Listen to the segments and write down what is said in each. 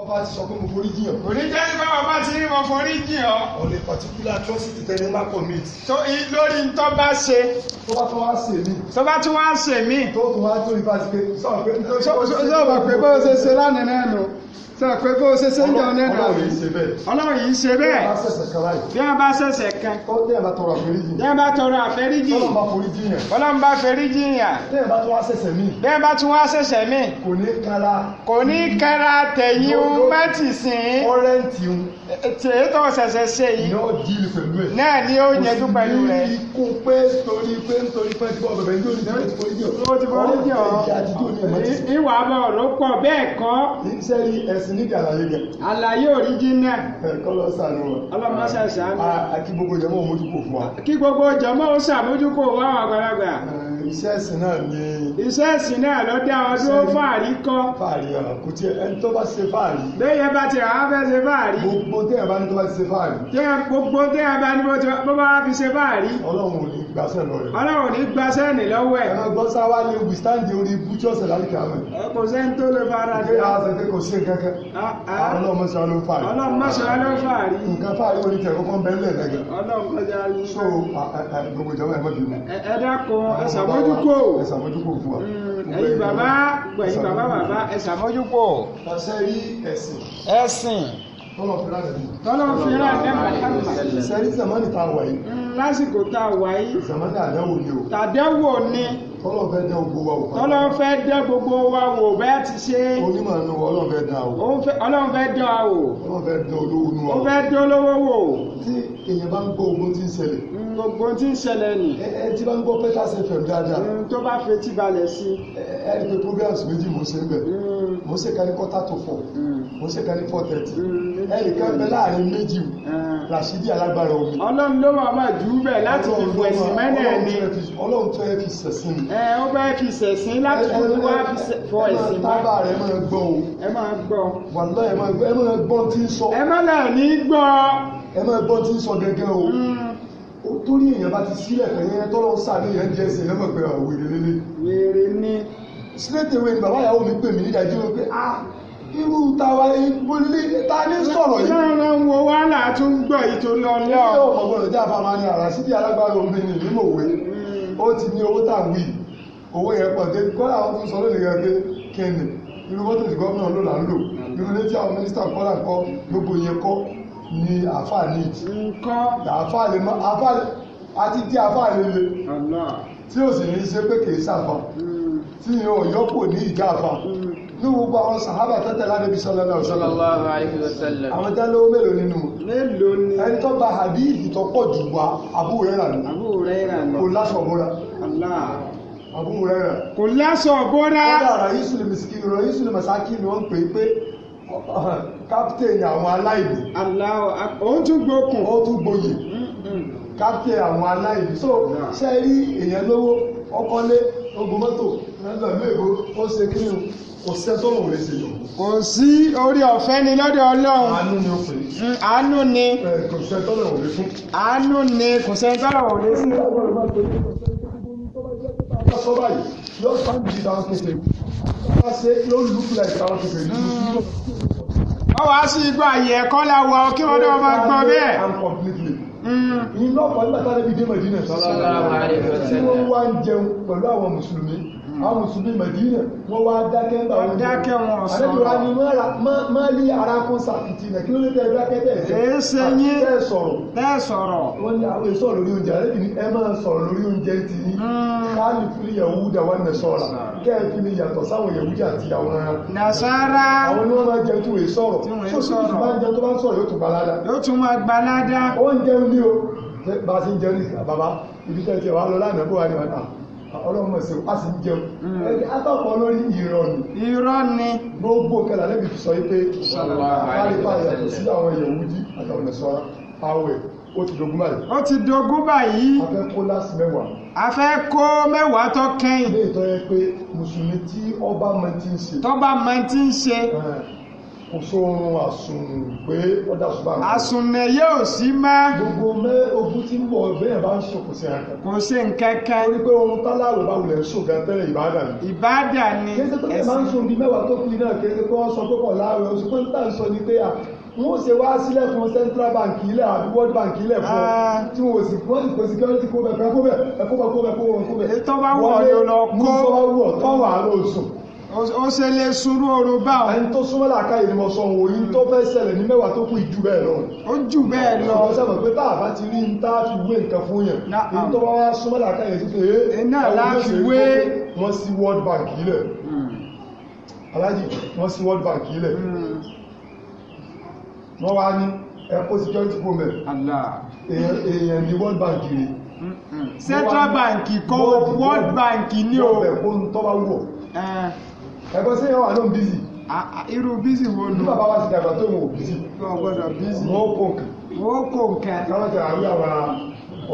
ọba ti sọ pé mo forí jiyàn. kò ní jẹ́ pé ọba ti ní mo forí jiyàn. ọ̀lẹ́ particular trust tẹ́lẹ̀ má commit. tó lórí tó bá ṣe. tó bá tún wá ṣe mí. tó bá tún wá ṣe mí. tó tún wá tó ìbá ti pé sọ̀rọ̀ pé. sọ̀rọ̀ pé bó ṣe ṣe lánàá náà nù sọ pé bó ṣe ṣe ń jọ ní ẹ̀dọ̀ ọlọ́run yìí ṣe bẹ́ẹ̀ bí wọ́n bá ṣẹ̀ṣẹ̀ kan bí wọ́n bá tọrọ àforíjì bí wọ́n bá tọrọ àforíjì ọlọ́run bá foríjì yàn bí wọ́n bá tún wá ṣẹ̀ṣẹ̀ míì bí wọ́n bá tún wá ṣẹ̀ṣẹ̀ míì kò ní kára kò ní kára tẹ̀yìn ohun mẹ́tì sìn ọ̀rẹ́ǹtì ohun tèyí tó ṣẹ̀ṣẹ̀ ṣe yìí náà ni ó yẹjú pẹ̀lú rẹ̀ kò pé torí pé nítorí pé tí bọ́ọ̀bẹ̀ ní òní náà ti foríjì ọ̀ ìwà bọ̀ ló pọ̀ bẹ́ẹ̀ kọ́ sì nídìí àlàyé gẹ̀. àlàyé òríjínà. ẹ kọ́ lọ sànù wa. ọlọ́mọ ṣàṣà mi. a kí gbogbo jàmá ó mójúkò fún wa. kí gbogbo jàmá ó ṣàmójúkò fún àwọn àgbàlagbà. iṣẹ́ ẹ̀sìn náà ni. iṣẹ́ ẹ̀sìn náà ló dá wọn dúró fàárí kọ́. fàárí ọ̀rọ̀ kò tiẹ̀ ẹni tó bá ṣe fàárí. bẹ́ẹ̀ bá ti rà á fẹ́ ṣe fàárí. gbogbo tẹ́yà bá ní tó bá ti ṣe fàárí. gbogbo tẹ́yà bá ní bó bá fi ṣe fàárí. ọlọ́run ò ní gbàṣẹ lọ rẹ. ọlọ́run ní gbàṣẹ ní lọ́wọ́ ẹ̀. ẹ̀rọ gbọ́ sáwá ní wìstáǹdì orí bújọ́sẹ̀ láríkà rẹ̀. ẹ kò sẹ́ ń tó lè fara dé. ìgbéyàwó ṣe pé kò sí kankan. ọlọ́run mọ̀ṣẹ́ ló fà rí. ọlọ́run mọ̀ṣẹ́ ló fà rí. nǹkan fà rí orí tẹ̀ kọ́kọ́ ń bẹ́lẹ̀ lẹ́gàn. ọlọ́run kọjá rí. so gbogbo ìjọba ẹ̀ mọ́ bínú. ẹ dákun ẹ ṣàmójúkò. ẹ ṣàmójúkò fún wa. Mm, ẹ̀yin bàbá ẹ̀yin bàbá bàbá ẹ ṣàmójúkò. ọ̀sẹ̀ rí ẹ̀sìn. ẹ̀sìn tọ́lọ̀ fi ránà bí. tọ́lọ̀ fi ránà Muhammad. sẹ́rí sàmánì tá a wà yìí. lásìkò tá a wà yìí. ni o. tàdánwò ni. tọ́lọ̀ fẹ́ dán gbogbo wa wò. tọ́lọ̀ fẹ́ dán gbogbo wa wò bẹ́ẹ̀ ti ṣe. onímọ̀ ni wọ́n ọlọ́run fẹ́ dán o. ọlọ́run fẹ́ dán a ọlọ́run fẹ́ dán olówó nu wa. ó fẹ́ dán olówó wò. tí èèyàn bá ń gbọ́ ogun tí ń ṣẹlẹ̀. gbogbo tí ń ṣẹlẹ̀ ni. ẹ ẹ tí bá ń gbọ́ pẹ́tà fẹ̀ dáadáa. tó bá fetí balẹ̀ sí. ẹ ẹ ní pé programs méjì mo ṣe ń bẹ̀. Mm. mo ṣe kan ní quarter to four mm. mo ṣe kan ní four thirty ẹnì kan bẹ láàrin méjì ah. Rashidi alágbára omi. ọlọ́run ló wà máa jù ú bẹ̀ láti fi fún ẹ̀sìn mẹ́rin ni ọlọ́run tó yẹ fi sẹ̀sìn. ẹ ó bá fi sẹ̀sìn láti fi wá fọ ẹ̀sìn mọ́. tábà rẹ máa gbọ́ o. ẹ máa gbọ́. wàlọ́ ẹ máa gbọ́ ẹ máa gbọ́ tí ń sọ. ẹ má là ní gbọ́. ẹ máa gbọ́ tí ń sọ gẹ́gẹ́ o. Mm. torí èèyàn bá ti sílẹ̀ fẹ̀yẹ́ tọ́lọ́ straight away ni bàbá ìyàwó mi pè mí nídàájú wọn pé ah irú tàwa ìbólé ta ní sọ̀rọ̀ yìí. náà wo wàhálà tún gbọ́ ìtòlú ọlọ́. ilé ọmọ gbọ́dọ̀ jẹ́ àfàmà ni àrà síbi alágbára omi ni ìlú òwe ó ti ní owó tà wí owó yẹn pọ̀ dé kọ́lá àwọn tó ń sọ lónìí yẹn pé kẹ́ni irú mọ́tò tí gómìnà ló là ń lò irú létí àwọn mínísítà kọ́lá kọ́ gbogbo yẹn kọ́ ni àfà ní ìtì. nǹkan àfà lè mọ àfà àti tí àfà lè le tí ó sì ní í ṣe pé kì í sàfà. Hmm tí yẹn ò yọ́pò ní ìjà àfà ní gbogbo àwọn sàhábà tẹ́tẹ̀ lánàbí sallallahu alaihi wasallam àwọn tẹ́lẹ̀ ó mélòó nínú mélòó ni ẹni tó bá hadith tó pọ̀ jù wá Abu Hurairah ni kò lásọ bóra Abu Hurairah kò lásọ bóra ó dà ra'isul miskin ra'isul masakin ni wọ́n pè é pé kápítẹ̀nì àwọn aláìní ó tún gbókùn ó tún gboyè kápítẹ̀nì àwọn aláìní so ṣe rí èèyàn lówó ọkọ́lé ogun mọ́tò ó ṣe kí ni kò sí ẹtọ́ lòun lè ṣe lò. orí ọ̀fẹ́ ni lọ́dọ̀ ọlọ́run. àánú ni mm, àánú ni. kò sí ẹtọ́ lòun lè sí ẹtọ́ lòun sí igbó àyè ẹ̀kọ́ láwọ kí wọ́n náà máa gbọ́ bẹ́ẹ̀. Mm. iná ọ̀pọ̀ nígbà tá a lè fi dé mọ̀dínà sọ́lá. tí wọ́n wá ń jẹun pẹ̀lú àwọn mùsùlùmí àwọn mùsùlùmí Mẹdínà wọ́n wá dákẹ́ ń bá wọn dákẹ́ wọn sọ àlejò wa ni má lé arákùn sàkìtì náà kí ló lè tẹ dákẹ́ tẹ ẹsẹ yín tẹ sọ̀rọ̀ tẹ sọ̀rọ̀ wọ́n ní àwọn èso lórí oúnjẹ àlejò ni ẹ máa sọ̀rọ̀ lórí oúnjẹ ti yín hmm. káàlì fún ìyàwó dàwọn nà sọ̀rọ̀ kẹ́ẹ̀fì ni yàtọ̀ sáwọn ìyàwó jà ti àwọn ara nàṣàrà àwọn ni wọ́n máa jẹ tó sọ̀rọ̀ tó bá ń jẹ tó bá ń sọ̀rọ̀ yóò tún gbalada yóò tún máa gbalada oúnjẹ ń lé o bá a ọlọ́mọ ẹ̀sẹ̀ a sì jẹun mm. ẹni atọ́pọ̀ lórí irọ́ ni irọ́ ni gbogbo kẹlà fi sọ wípé àríkà yàtọ̀ sí àwọn èèyàn wújí àtàwọn ẹ̀sọ́ àwẹ̀ ó ti dogun báyìí ó ti dogun báyìí a fẹ́ kó láti mẹ́wàá a fẹ́ kó mẹ́wàá tó kẹ́yìn ilé ìtọ́ yẹ pé mùsùlùmí tí ọba mọ ti ń ṣe tọ́ba mọ ti ń ṣe kò sóorun àsùnù pé wọ́n dà sùn bá ń bọ̀. àsùnù yóò sí mọ́. gbogbo mẹ́ ogun tí ń bọ̀ bẹ́ẹ̀ bá ń sùn kò sí nǹkan. kò sí nǹkan kan. pé ohun tálàrò bá wulẹ̀ ń sùn gan tẹ́lẹ̀ ìbádà ni. ìbádà ni. kéde tó lè máa ń sùn bíi mẹ́wàá tó kiri náà kéde pé wọ́n sọ pé kọ̀ láàrọ̀ oṣù pé ń tà ń sọ ni pé wọ́n ṣe wá sílẹ̀ fún central bank ilẹ̀ àbí world bank ilẹ̀ fún ah. tí wọ́n sì wọ́n sì kó bẹ̀ kó bẹ̀ kó bẹ̀ kó bẹ̀ kó bẹ̀ kó bẹ̀. ètò bá wọ̀ ọ́ yóò lọ kó wà lóṣù ó ṣe lè sunrú oru bá ọ. ẹni tó súnmọ́ làákà yìí ni mo tó fẹ́ ṣẹlẹ̀ ní mẹ́wàá tó kù jù bẹ́ẹ̀ lọ. ó jù bẹ́ẹ̀ lọ. ṣùgbọ́n pé tá a ti rí tá a fi wé nǹkan fún yẹn èyí tó bá wá súnmọ́ làákà yìí World Bank central bank kọ́ World Bank ní o. wọ́n ẹ̀gbọ́n sí ìyẹn wà ló ń bízì. irú bízì wo nù. bàbá wa sì dàgbà tó wọn ò bízì. wọn gbọ́dọ̀ bízì. wọn ó kó nǹkan. wọn ó kó nǹkan. káwọn ti àwọn àwọn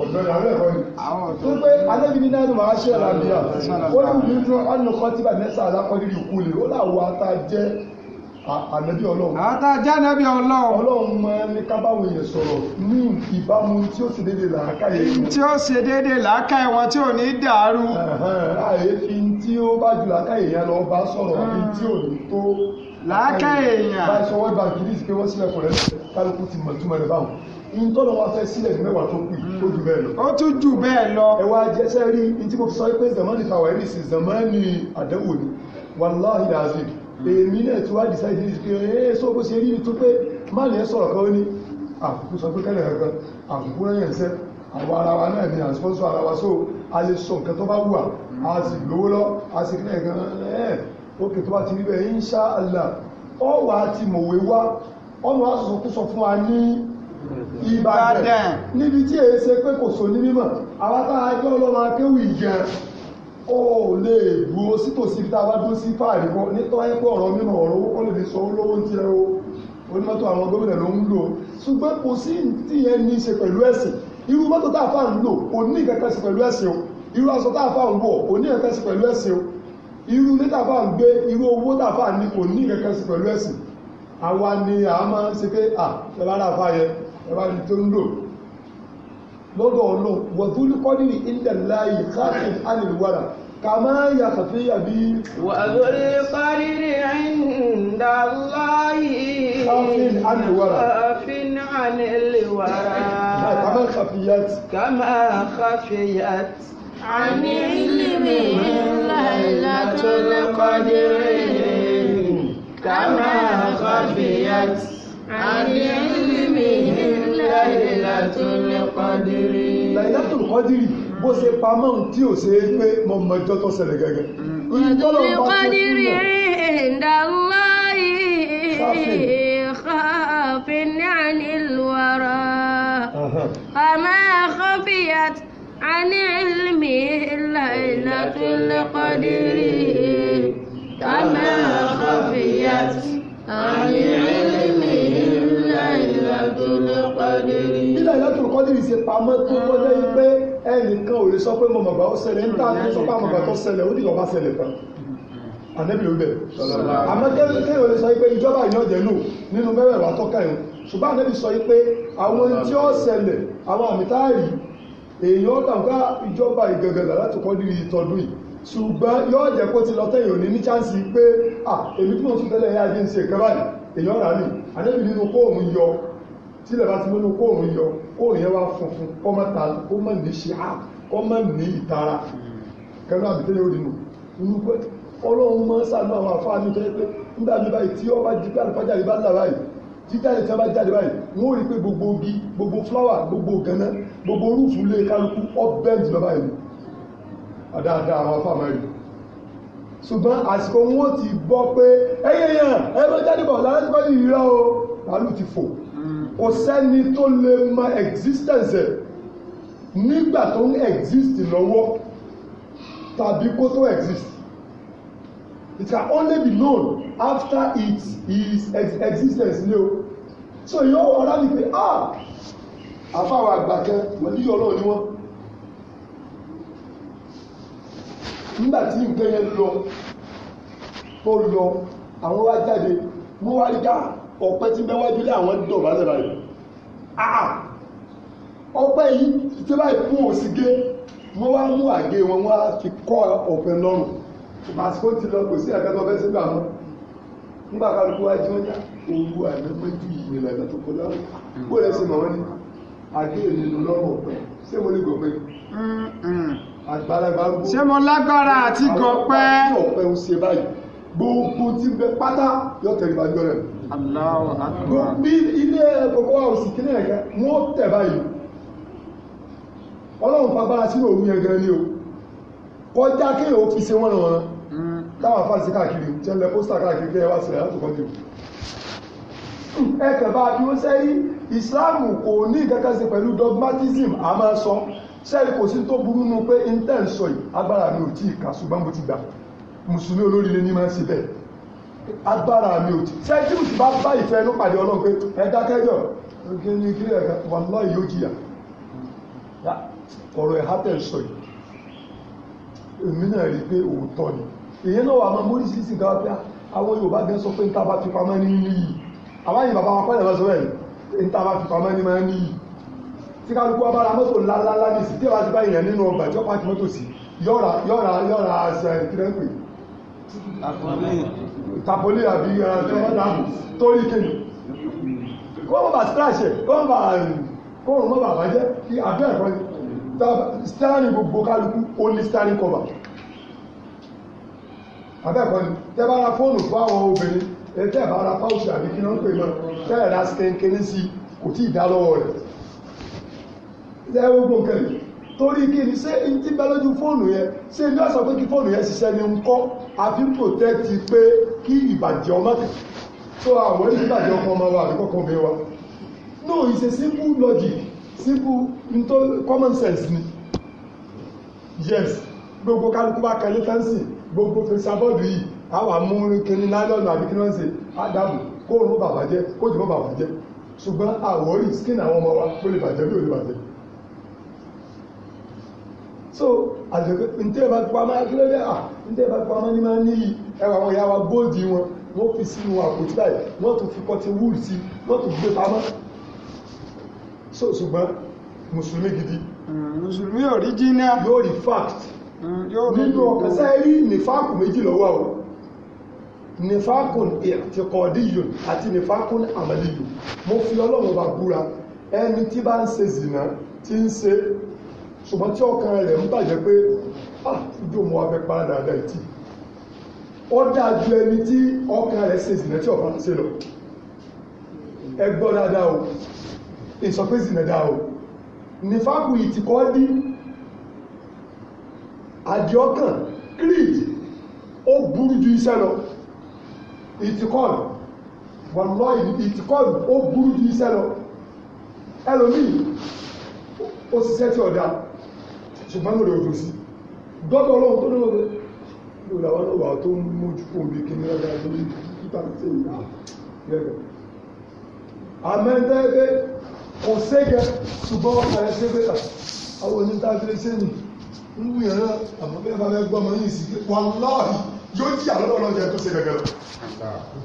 ọ̀dọ́ ni àwọn ẹ̀kọ́ ni. àwọn ọ̀dọ́. tó pé alẹ́bí ní náà máa ṣe ẹ̀rọ àbíyá. ó ní ìlú tó ọ̀nà kan tí bàbá mẹ́sà alákọ̀ọ́lì rí kú lè ó làwọn ata jẹ́ ànábì ọlọ́run. àwọn ata jẹ́ ànábì ọlọ́run. ọlọ́run mọ ní kábàwọ̀ èèyàn sọ̀rọ̀ ní ìbámu tí ó ṣe déédéé làákàyè. tí ó ṣe déédéé làákàyè wọn tí ò ní dàrú. àyè fi ń tí ó bá ju làákà èèyàn lọ bá sọ̀rọ̀ àbí hmm. tí ò ní tó làákà èèyàn bá sọ wọ́n bá kìlí sí pé wọ́n sílẹ̀ kọ̀rẹ́ kálukú ti mọ̀ túmọ̀ rẹ̀ báwọn in tọ́lọ̀ wá fẹ́ sílẹ̀ ní mẹ́wàá tó kù ó ju bẹ́ẹ̀ lọ. ó tún ju bẹ́ẹ̀ lọ. ẹ wá jẹsẹ́ rí in tí mo sọ pé zamani tawari sí zamani àdánwò ni wàláhi razid èmi náà tí wá decide ní pé ẹ eh, sọ bó ṣe rí ni tó pé má lè sọ̀rọ̀ kan ó ní àkókò ah, sọ pé kẹ́lẹ̀ kankan àkókò ah, rẹ̀ yẹn sẹ́ àwọn ara wa náà ni à ń sponsor ara wa so a lè sọ nǹkan tó bá wù wá a sì lówó lọ a sì kílẹ̀ gan ẹ̀ ókè tó bá ti rí bẹ́ẹ̀ insha Allah ọ wà á ti mọ̀wé wá ọmọ wa sọ̀sọ̀ kú sọ fún wa ní Ìbàdàn níbi tí èyí ṣe pé kò sọ ní mímọ̀ àwọn táwọn ajọ́ ọlọ́mọ akéwì yẹn ó lè dúró sítòsí bí táwa dúró sí fáàrí kan nítorí ayé pé ọ̀rọ̀ mímọ̀ ọ̀rọ̀ owó lè fi sọ olówó ń tiẹ̀ o onímọ́tò àwọn gómìnà ló ń lò ṣùgbọ́n kò sí tí ẹ ní ṣe pẹ̀lú ẹ̀sìn irú mọ́tò tá fà ń lò kò ní ìkẹ́kẹ́ sí pẹ̀lú ẹ̀sìn o irú aṣọ táàfà ń wọ̀ kò ní ẹ̀kẹ́ sí pẹ̀lú ẹ̀sìn o irú ilé táàfà ń gbé irú owó táàfà ní kò ní ẹ̀kẹ́ pẹ̀lú ẹ̀sìn àwa ni a máa ń ṣe pé à ẹ̀rọ aláàfà yẹ ẹ̀rọ ni tó ń lò lọ́dọ̀ ọlọ́run wọ̀dúlú kọ́dìrì ilẹ̀ káàkiri alìlúwàrà kà máa yà kàfíyà bí. wọ̀dúlú kọ́dìrì ilẹ̀ láàyè káàkiri alìlúwàrà. káàkiri alìlúwàrà. kàmá kàfíyàt. kàmá kàfíyàt. عن علمه ليلة القدر كما خفيت عن علمه ليلة القدر ليلة القدر bó ṣe pamọ́ tí ò ṣe é pé mo mọ ìjọ́ tó ṣẹlẹ̀ gẹ́gẹ́. ìtọ́lọ̀ bá ṣe kí n خاف عن الورى فما خفيت عن علمه ليلة القدر كما خفيت عن علمه ليلة القدر ليلة القدر ṣe pamọ́ tó kọjá yìí pé ẹnìkan ò lè sọ pé mo mọ̀gbà ó ṣẹlẹ̀ ń tà ní sọ pé àmọ̀gbà tó ṣẹlẹ̀ ó dìgbà bá ṣẹlẹ̀ tán ànẹ́bí ló bẹ̀ àmọ́ kéèyàn ò lè sọ pé ìjọba ìyànjẹ́ lò nínú mẹ́rẹ̀ẹ̀wá tọ́ka ẹ̀hún ṣùgbọ́n ànẹ́bí sọ pé àwọn tí ó ṣẹlẹ̀ àwọn àmì táàrí èyí ó tàn ká ìjọba ìgẹ̀gẹ̀gà láti kọ́ nílì ìtọ́dún yìí ṣùgbọ́n yóò jẹ́ kó ti lọ tẹ́yìn òní ní chánsì pé a èmi tí mo tún tẹ́lẹ̀ yá jẹ́ ń ṣe ìkẹ́ báyìí èyí ọ̀rà mi yọ tílẹ̀ bá ti yọ yẹn wá kọ́ mọ́ ta kó kọ́ mọ́ ní ìtara kẹ́lá mi tẹ́lẹ̀ nù gbogbo orúfù lé kálukú ọ́bẹ̀ntì bàbá ìlú àdáadáa àwọn afáàmà ìlú ṣùgbọ́n àsìkò wọn ti gbọ́ pé ẹyẹyàn ẹgbẹ́ jáde bọ̀ láti kọ́ ìrírá o màálù ti fò kò sẹ́ni tó lè mọ existence ẹ̀ nígbà tó ń exist lọ́wọ́ tàbí kó tó exist it can only be known after its is existence ni o so yóò wọ́n rá ní pé ah àfáwọn àgbà kan wọ́n yí ọlọ́run ni wọ́n nígbà tí nǹkan yẹn lọ tó lọ àwọn wá jáde wọ́n wá rí ká ah, ọ̀pẹ tí mẹ́wájú lé àwọn dọ̀bálẹ̀ báyìí ah, ah, ọ̀pẹ yìí tí báyìí fún òsìgé wọ́n wá mú àgé wọn wá fi kọ́ ọ̀pẹ lọ́rùn àsìkò ti lọ kò sí àkẹ́kọ̀ọ́ fẹ́ sígbà mọ́ nígbà kálukú wá jí wọ́n já owó àná mọ́jú yìí lẹ́nu tó kọjá ó lẹ́sìn mọ́ wọn ni àgé ìlú lọ́rọ̀ ọ̀pẹ ṣé mo lè gọ̀ pé. àgbàlagbà ń bọ̀. ṣé mo lágbára àti gọ̀ pẹ́. àwọn ọ̀pẹ ń ṣe báyìí gbogbo tí bẹ pátá yóò tẹ̀lé bá jọ rẹ̀. aláwọ̀ àtúwà. bí ilé kòkó àwòsì kílẹ̀ ẹ̀ka wọ́n tẹ̀ báyìí ọlọ́run fagbára sínú òun yẹn gan ni o kọjá kéèyàn ó fi ṣe wọ́n ràn wọ́n láwọn mm. afáàsì káàkiri jẹ́ lẹ́ pósítà káàkiri kí ẹ wá sílẹ̀ láti ẹ̀kẹ́ bá a bí ó sẹ́yìn Islam kò ní kankan ṣe pẹ̀lú dogmatism a máa sọ sẹ́yìn kò sí tó burú nu pé intel sọ yìí agbára mi ò tí ì kà ṣùgbọ́n mo ti gbà mùsùlùmí olóríire ní máa ń ṣe bẹ́ẹ̀ agbára mi ò tí sẹ́yìn tí mùsùlùmí bá bá ìfẹ́ ló pàdé ọlọ́run pé ẹ dákẹ́jọ́ oge ní kí ẹ̀ka wàláhì yóò jìyà ọ̀rọ̀ ẹ̀ hátẹ̀ sọ yìí èmi náà rí i pé òótọ́ ni èyí náà wà máa mórísìírísìí gáwá pé ah, àwọn Yorùbá gẹ́ sọ pé ń tábà fipamọ́ ní níyì àbáyé bàbá wa pẹ́lẹ̀ lọ́sọ̀ rẹ̀ ní tá a bá fi pamọ́ ní máa ń níyì tí kálukú wa bára mọ́tò ńláńlá ní sí tí wàá ti bá ìyẹn nínú ọgbà tí ó pàtí mọ́tò sí yọ̀ọ̀rà yọ̀ọ̀rà yọ̀ọ̀rà àṣẹ ìtìrẹ́pì tapoli àbí ọ̀rọ̀ torí kéde kó wọ́n bá splash ẹ̀ kó wọ́n bá kó wọ́n bá bàjẹ́ kí abẹ́ ẹ̀kọ́ steering gbogbo kálukú ó ní steering cover abẹ́ ẹ̀kọ́ ni tẹ́ bá ra fóònù fún àwọn obìnrin ẹ̀tẹ́ àbára páùsì àbí kí náà pè náà fẹ́ẹ̀ ra kẹ́kẹ́rẹ́ sí kò tí ì dá lọ́wọ́ rẹ̀ ẹ̀ gbogbo kẹlẹ̀ torí kí ni ṣé n ti bẹ lójú fóònù yẹn ṣé ní ọ̀sán pé kí fóònù yẹn ṣiṣẹ́ ni ń àfi ń protect pé kí ìbàjẹ́ ọmọ tẹ̀ tó àwọn ìbàjẹ́ ọkọ̀ ọmọ wa àbí kọ́kọ́ wa no it's a simple logic simple common sense ni yes gbogbo kálukú bá kẹlẹ́ fẹ́ǹsì gbogbo fèsì abọ́ọ̀dù yìí àwọn amúnkiri lálọ́nà àbí kí wọ́n ṣe ádámù kó òun bàbá jẹ́ kó jùmọ́ bàbá jẹ́ ṣùgbọ́n àwọ̀rí skin àwọn ọmọ wa ó lè bàjẹ́ bí ó lè bàjẹ́ so àjọ̀kẹ́ ntẹ́ ìbá tó pamọ́ akílódé à ntẹ́ ìbá tó pamọ́ ní máa níyì ẹwà àwọn ìyá wa so ṣùgbọ́n mùsùlùmí gidi hmm, mùsùlùmí original yóò rí fact hmm, nínú ọkàn sáyẹ́rì ní fáàkù méjì lọ́wọ́ àwọn nifakun ìtìkọ̀díyùn àti nifakun àmàlíyùn mo fi ọlọ́run bá búra ẹni tí bá ń ṣe zìnà tí ń ṣe ṣùgbọ́n tí ọkàn rẹ̀ ń bàjẹ́ pé ah ìjọ mọ́ abẹ́ padà rẹ̀ tí ó dáa ju ẹni tí ọkàn rẹ̀ ṣe zìnà tí ọ̀fà ṣe lọ ẹ gbọ́ o ìsọpé zìnà dáa o nifakun ìtìkọ̀dí àjọkàn creed ó burú ju iṣẹ́ lọ ìtìkọ́ọ̀lù wọ̀lọ́ ìtìkọ́ọ̀lù ó burú ju iṣẹ́ lọ ẹlòmíì ó ṣiṣẹ́ tí ọ̀dà ṣùgbọ́n lórí òjò sí dọ́dọ̀ ọlọ́run tó lọ́wọ́ lórí àwọn ọlọ́wà tó ń mójú fún omi kí ní ọjà tó ní títà sí àwọn ń bá fẹ́ yóò jí àlọ́dọ̀ ọlọ́run jẹ tó ṣe gẹ́gẹ́ lọ.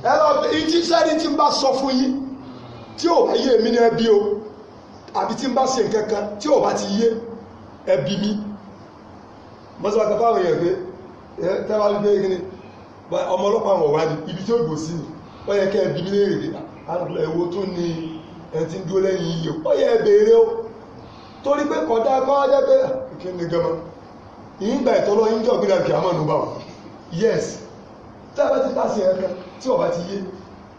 ẹ lọ ìtí sẹ́ni tí ń bá sọ fún yín tí ò bá yé èmi ní ẹbí o àbí tí ń bá ṣe nǹkan tí ò bá ti yé ẹbí mi. mọ́sálà kan fáwọn èèyàn pé ọmọ ọlọ́pàá wá ibi tí ó gbò sí ni ó yẹ kẹ́ mi léèrè ah, àlọ́ o torí pé kọ̀dá kọ́ jẹ́ pé ah, kí ni ìyìnbà ìtọ́lọ́ yes tá a bá ti pàṣẹ yẹn kan tí ọba ti yé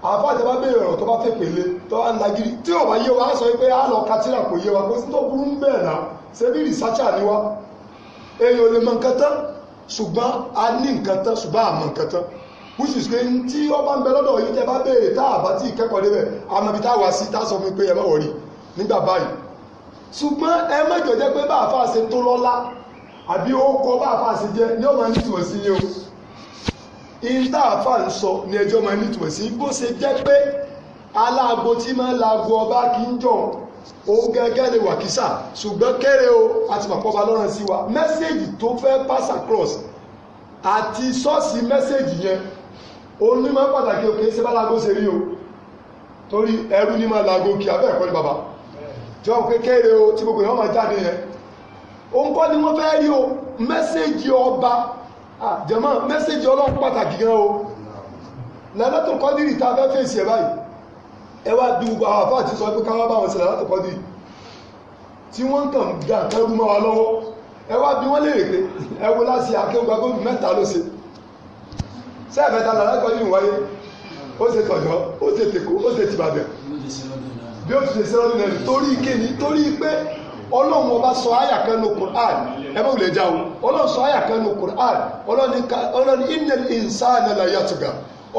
àfa àtẹ̀bá bẹ̀rẹ̀ ọ̀rọ̀ tó bá fẹ́ pèlè tó bá ń lagiri tí ọba yé wa á sọ pé á lọ katira kò yé wa kó tó burú ń bẹ̀rẹ̀ náà ṣe rìsáṣà ni wa èèyàn lè mọ nǹkan tán ṣùgbọ́n a ní nǹkan tán ṣùgbọ́n àmọ́ nǹkan tán which is pé tí ọba ń bẹ lọ́dọ̀ yìí tẹ́ bá béèrè tá àbá tí ìkẹ́kọ̀ọ́ débẹ̀ àmọ́ ibi tá a wá sí tá a sọ fún mi pé ẹ má wọ̀rí nígbà báyìí ṣùgbọ́n ẹ mẹ́jọ ìta àfà ń sọ ní ẹjọ́ máa nítumọ̀ sí bó ṣe jẹ́ pé aláàgbo tí máa ń laago ọba kì í jọ òun gẹ́gẹ́ ni wàkísà ṣùgbọ́n kéré o àti pàpọ́ba lọ́rùn sí wa mẹ́sẹ̀gì tó fẹ́ pass across àti sọ́ọ̀sì mẹ́sẹ̀gì yẹn òun ní máa pàtàkì òkè ṣe bá laago ṣe rí o torí ẹrú ní máa laago kí abẹ́ ẹ̀kọ́ ni bàbá jọ pé kéré o tí gbogbo ìwọ́n máa jáde yẹn òun kọ́ ni wọ́n fẹ́ rí o mẹ́sẹ̀gì ọba jẹ̀mọ́ mẹ́sẹ̀jì ọlọ́run pàtàkì gan o lẹ́lẹ́tò kọ́dìrì tá a fẹ́ fèsì ẹ̀ báyìí ẹ wá du àwọn àfáà ti sọ pé káwá bá wọn sí lẹ́lẹ́tò kọ́dìrì tí wọ́n kàn dà tẹ́rù mọ́ wa lọ́wọ́ ẹ wá bí wọ́n léèrè pé ẹ wo láti akéwùgbà gómìnà mẹ́ta ló ṣe sẹ́ẹ̀fẹ́ta lẹ́lẹ́tò kọ́dìrì wáyé ó ṣe tọ̀yọ́ ó ṣe tèkó ó ṣe tìbàdàn bí ó ti ṣe sẹ́lọ́dún náà torí kéde torí pé ọlọ́run ọba sọ àyà kan ní Qur'an ẹ̀mọ́ ò lè já o ọlọ́run sọ àyà kan ní Qur'an ọlọ́run innal insana la yatgha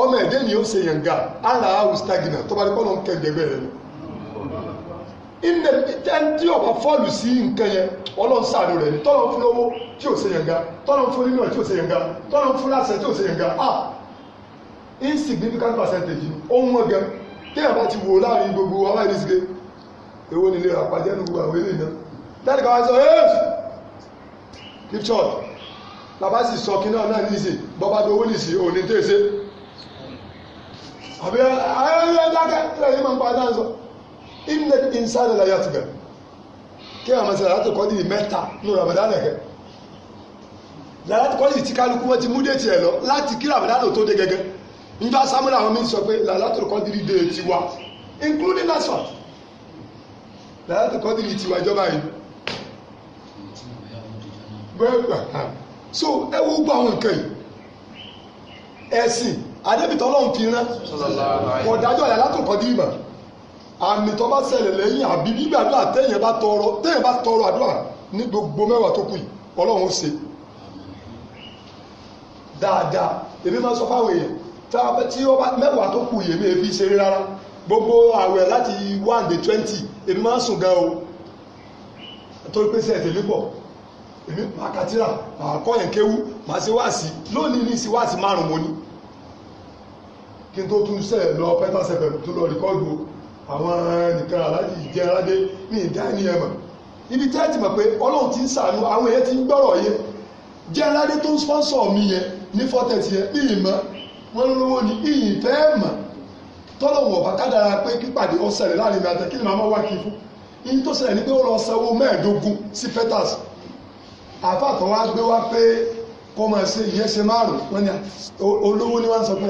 ọmọ ẹ̀dẹ́ ni ó yànga ara stagina tó bá ní kọ́nà ń rẹ̀ ọba fọ́ọ̀lù sí nǹkan yẹn ọlọ́run rẹ̀ tọ́lọ́ fún tí yànga tọ́lọ́ fún tí yànga tọ́lọ́ fún tí yànga ah insignificant percentage ohun tí bá ti wò gbogbo tẹ́lẹ̀ kan wá sọ ẹ́ Kipchoge bàbá sì sọ kí náà náà níìsì bọ́bá tó owó nìsí òní tó ṣe àbí ayẹyẹ dákẹ́ tẹ́lẹ̀ yìí máa ń pa ajá ń sọ ilẹ̀ ìnsáàlẹ̀ láyé àtìgbẹ̀ kí àwọn ọmọ sàlátì kọ́dì mẹ́ta ní Ramadan nìkẹ́ sàlátì kọ́dì tí kálukú wọn ti mú dé tiẹ̀ lọ láti kí Ramadan tó dé gẹ́gẹ́ nígbà Samuel àwọn mi sọ pé sàlátì kọ́dì dé tiwa including last one sàlátì kọ́dì tiwa ìjọba yìí wẹ́wẹ́ so ẹ wo gbọ́ àwọn nǹkan yìí ẹ̀sìn adébìtọ́ ọlọ́run fi rán ọ̀dájọ́ àyà látòkọ́ dí ìmọ̀ àmì tó bá ṣẹlẹ̀ lẹ́yìn àbí bíbí àdúrà téèyàn bá tọrọ téèyàn bá tọrọ àdúrà ní gbogbo mẹ́wàá tó kù yìí ọlọ́run ó ṣe dáadáa èmi máa sọ fáwọn èèyàn tí mẹ́wàá tó kù yèmí èmi ṣe rí rárá gbogbo àwẹ̀ láti one day twenty èmi máa ń sùn gan o torí pé sẹ́ẹ̀ tèmi pọ̀ èmi máa kàtírà máa kọ́ yẹn kéwú máa ṣe wáàsí lónìí ní ìsíwáàsí márùn mo ní kí n tó tún sẹ̀ lọ pẹ́tàsẹ̀fẹ̀ tó lọ rìkọ́dù àwọn nìkan aláàjì jẹ́ aládé ní ìdá ní ẹ̀mọ̀ ibi tẹ́ ti mọ̀ pé ọlọ́run ti ń sàánú àwọn èèyàn ti ń gbọ́rọ̀ yẹn jẹ́ aládé tó ń sponsor mi yẹn ní fọ́tẹ̀tì yẹn bí ìmọ̀ wọn lówó ni ìyìn fẹ́ mọ̀ tọ́lọ̀wọ̀ bá kádàrà pé pípàdé ọ̀sẹ̀ rẹ̀ láàrin mi àtẹ́kí ni màmá wá kí fún ìyìn tó ṣẹlẹ̀ ní pé ó lọ sanwó mẹ́ẹ̀ẹ́dógún sí fetas àfa àtọ̀ wá gbé wá pé kó máa ṣe ìyẹn ṣe márùn wọn ni olówó ni wọn sọ pé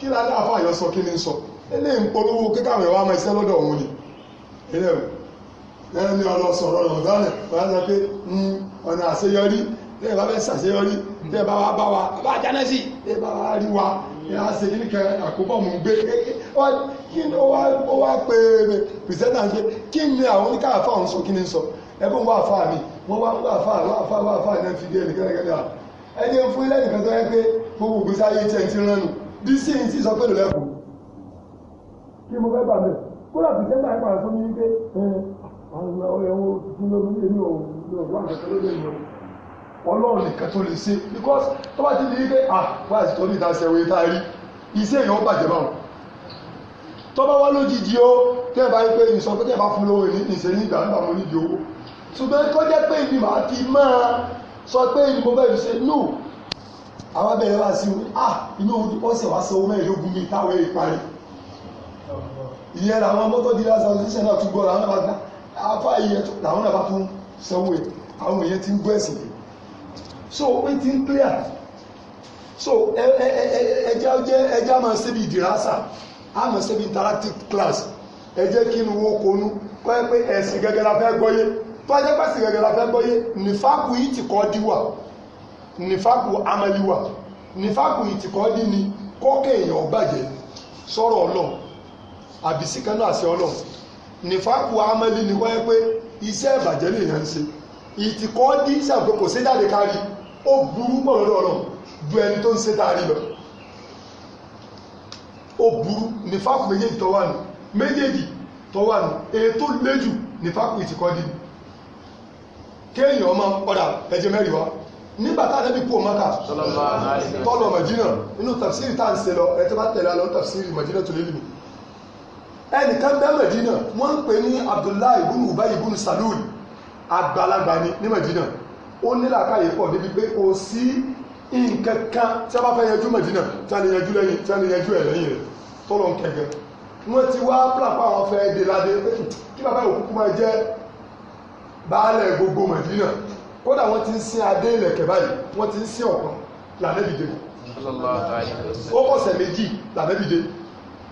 kí ni adá àfa àyọ sọ kí ni sọ eléyìí ń polówó kíkàwé wa máa ṣiṣẹ́ lọ́dọ̀ òun ni ilé o lẹ́yìn ní ọlọ sọ̀rọ̀ ọ̀gánà wọn sọ pé ọ̀nà àṣeyọrí lẹ́yìn bá fẹ́ ṣàṣeyọrí lẹ́yìn bá wa bá wa bá a jáná sí lẹ́yìn bá wa rí wa ní a ṣe kíní kan àkóbọ̀ mú gbé kí ni ó wá pé pìrìsẹ́ńtà ń ṣe kí ni àwọn oníkàáfà ń sọ kí ni sọ ẹgbẹ́ wọn wà fáà mi wọ́n wá wá fà wá fà wá fà náà fi dé ẹnìkan ẹ̀kẹ́dà ẹni ń fún ilé ẹnìkan tó yẹ pé gbogbo ògbé sáyé tiẹ̀ ti ránu bí sí ní ti sọ pé lòlẹ́ kù. kí mo fẹ́ bà mí kúrò àtijọ́ náà pàrọ̀ fún mi wípé àwọn ọ̀rẹ́ wọn fún mi èmi ò wá àkẹ́kẹ́ lóde mi o ọlọ́run nìkan tó lè ṣe because tó bá ti di wípé ah wá àtijọ́ ní ìdásẹ̀ wo tá a rí iṣẹ́ èèyàn bàjẹ́ báwọn tó bá wá lójijì o tẹ́ ẹ bá yí pé ìsọ̀tẹ́ tẹ́ ẹ bá fún lówó ìṣèlú ìgbà nígbà mo nídìí owó ṣùgbọ́n kọ́ jẹ́ pé ibi màá fi máa sọ pé ibi mo bẹ́ẹ̀ fi ṣe no àwọn abẹ́rẹ́ wá sí omi ah inú omi ọ̀sẹ̀ wá sọ omi ẹ̀yọ́gùn mi táwọn èèyàn parí ìyẹn làwọn mọ́tò dídá association náà tún gbọ́ làwọn náà bá afá ìyẹn làwọn náà bá tún sanwó ẹ̀ àwọn èèyàn ti ń gbọ́ ẹ̀sìn yìí so ó ti ń clear so ẹja jẹ ẹja máa ṣe bí dirasa a máa ṣe bí interactive class ẹ jẹ́ kí n wo konú kọ́ ẹ pé ẹ̀sìn gẹ́gẹ́ la fẹ́ gbọ́yé. tó ẹjẹ́ pẹ̀sì gẹ̀gẹ̀ fẹ́ gbọ́yé nífàkù yìí ti nífàkù nífàkù dí ni kọ́kẹ́ èèyàn bàjẹ́ sọ̀rọ̀ ọlọ́ àbísí kan ọlọ́ nífàkù ni wáyé pé iṣẹ́ ìbàjẹ́ lèèyàn ń ṣe ìtìkọ́ dí sàgbé kò séjáde kárí ó burú pọ̀ lọ́dọ̀ lọ ó burú nífàkù méjèèjì tọ́wà nù méjèèjì tọ́wà nù èyí tó léjù kéèyàn ọmọ ọ̀dà ẹ̀jẹ̀ mẹ́rin wa nígbà tá ànábì kú ọmọkà tọ́lọ̀ mọ̀jínà nínú tafsiri tá à ń ṣe lọ ẹ̀ tó bá tẹ̀lé alọ́ tafsiri mọ̀jínà tó lé lùmí ẹnìkan bẹ́ mẹ̀jínà wọ́n ń pè ní Abdullahi ibùnú Ubay ibùnú Salul àgbàlagbà ni ní mẹ̀jínà ó nílà káyé pọ̀ débi pé kò sí nǹkan kan tí a bá fẹ́ yanjú mẹ̀jínà tí a lè yanjú lẹ́yìn tí a lè yanjú ẹ̀ lẹ́yìn rẹ̀ tọ́lọ̀ ń kẹ̀kẹ́ wọ́n ti wá pàpà àwọn fẹ́ dé ládé kí bàbá ìkúkú máa jẹ́ baálẹ̀ gbogbo Mẹdínà kódà wọ́n ti ń sin adé ìlẹ̀kẹ̀ báyìí wọ́n ti ń sin ọ̀kan lànàbìdé ó kọ̀sẹ̀ méjì lànàbìdé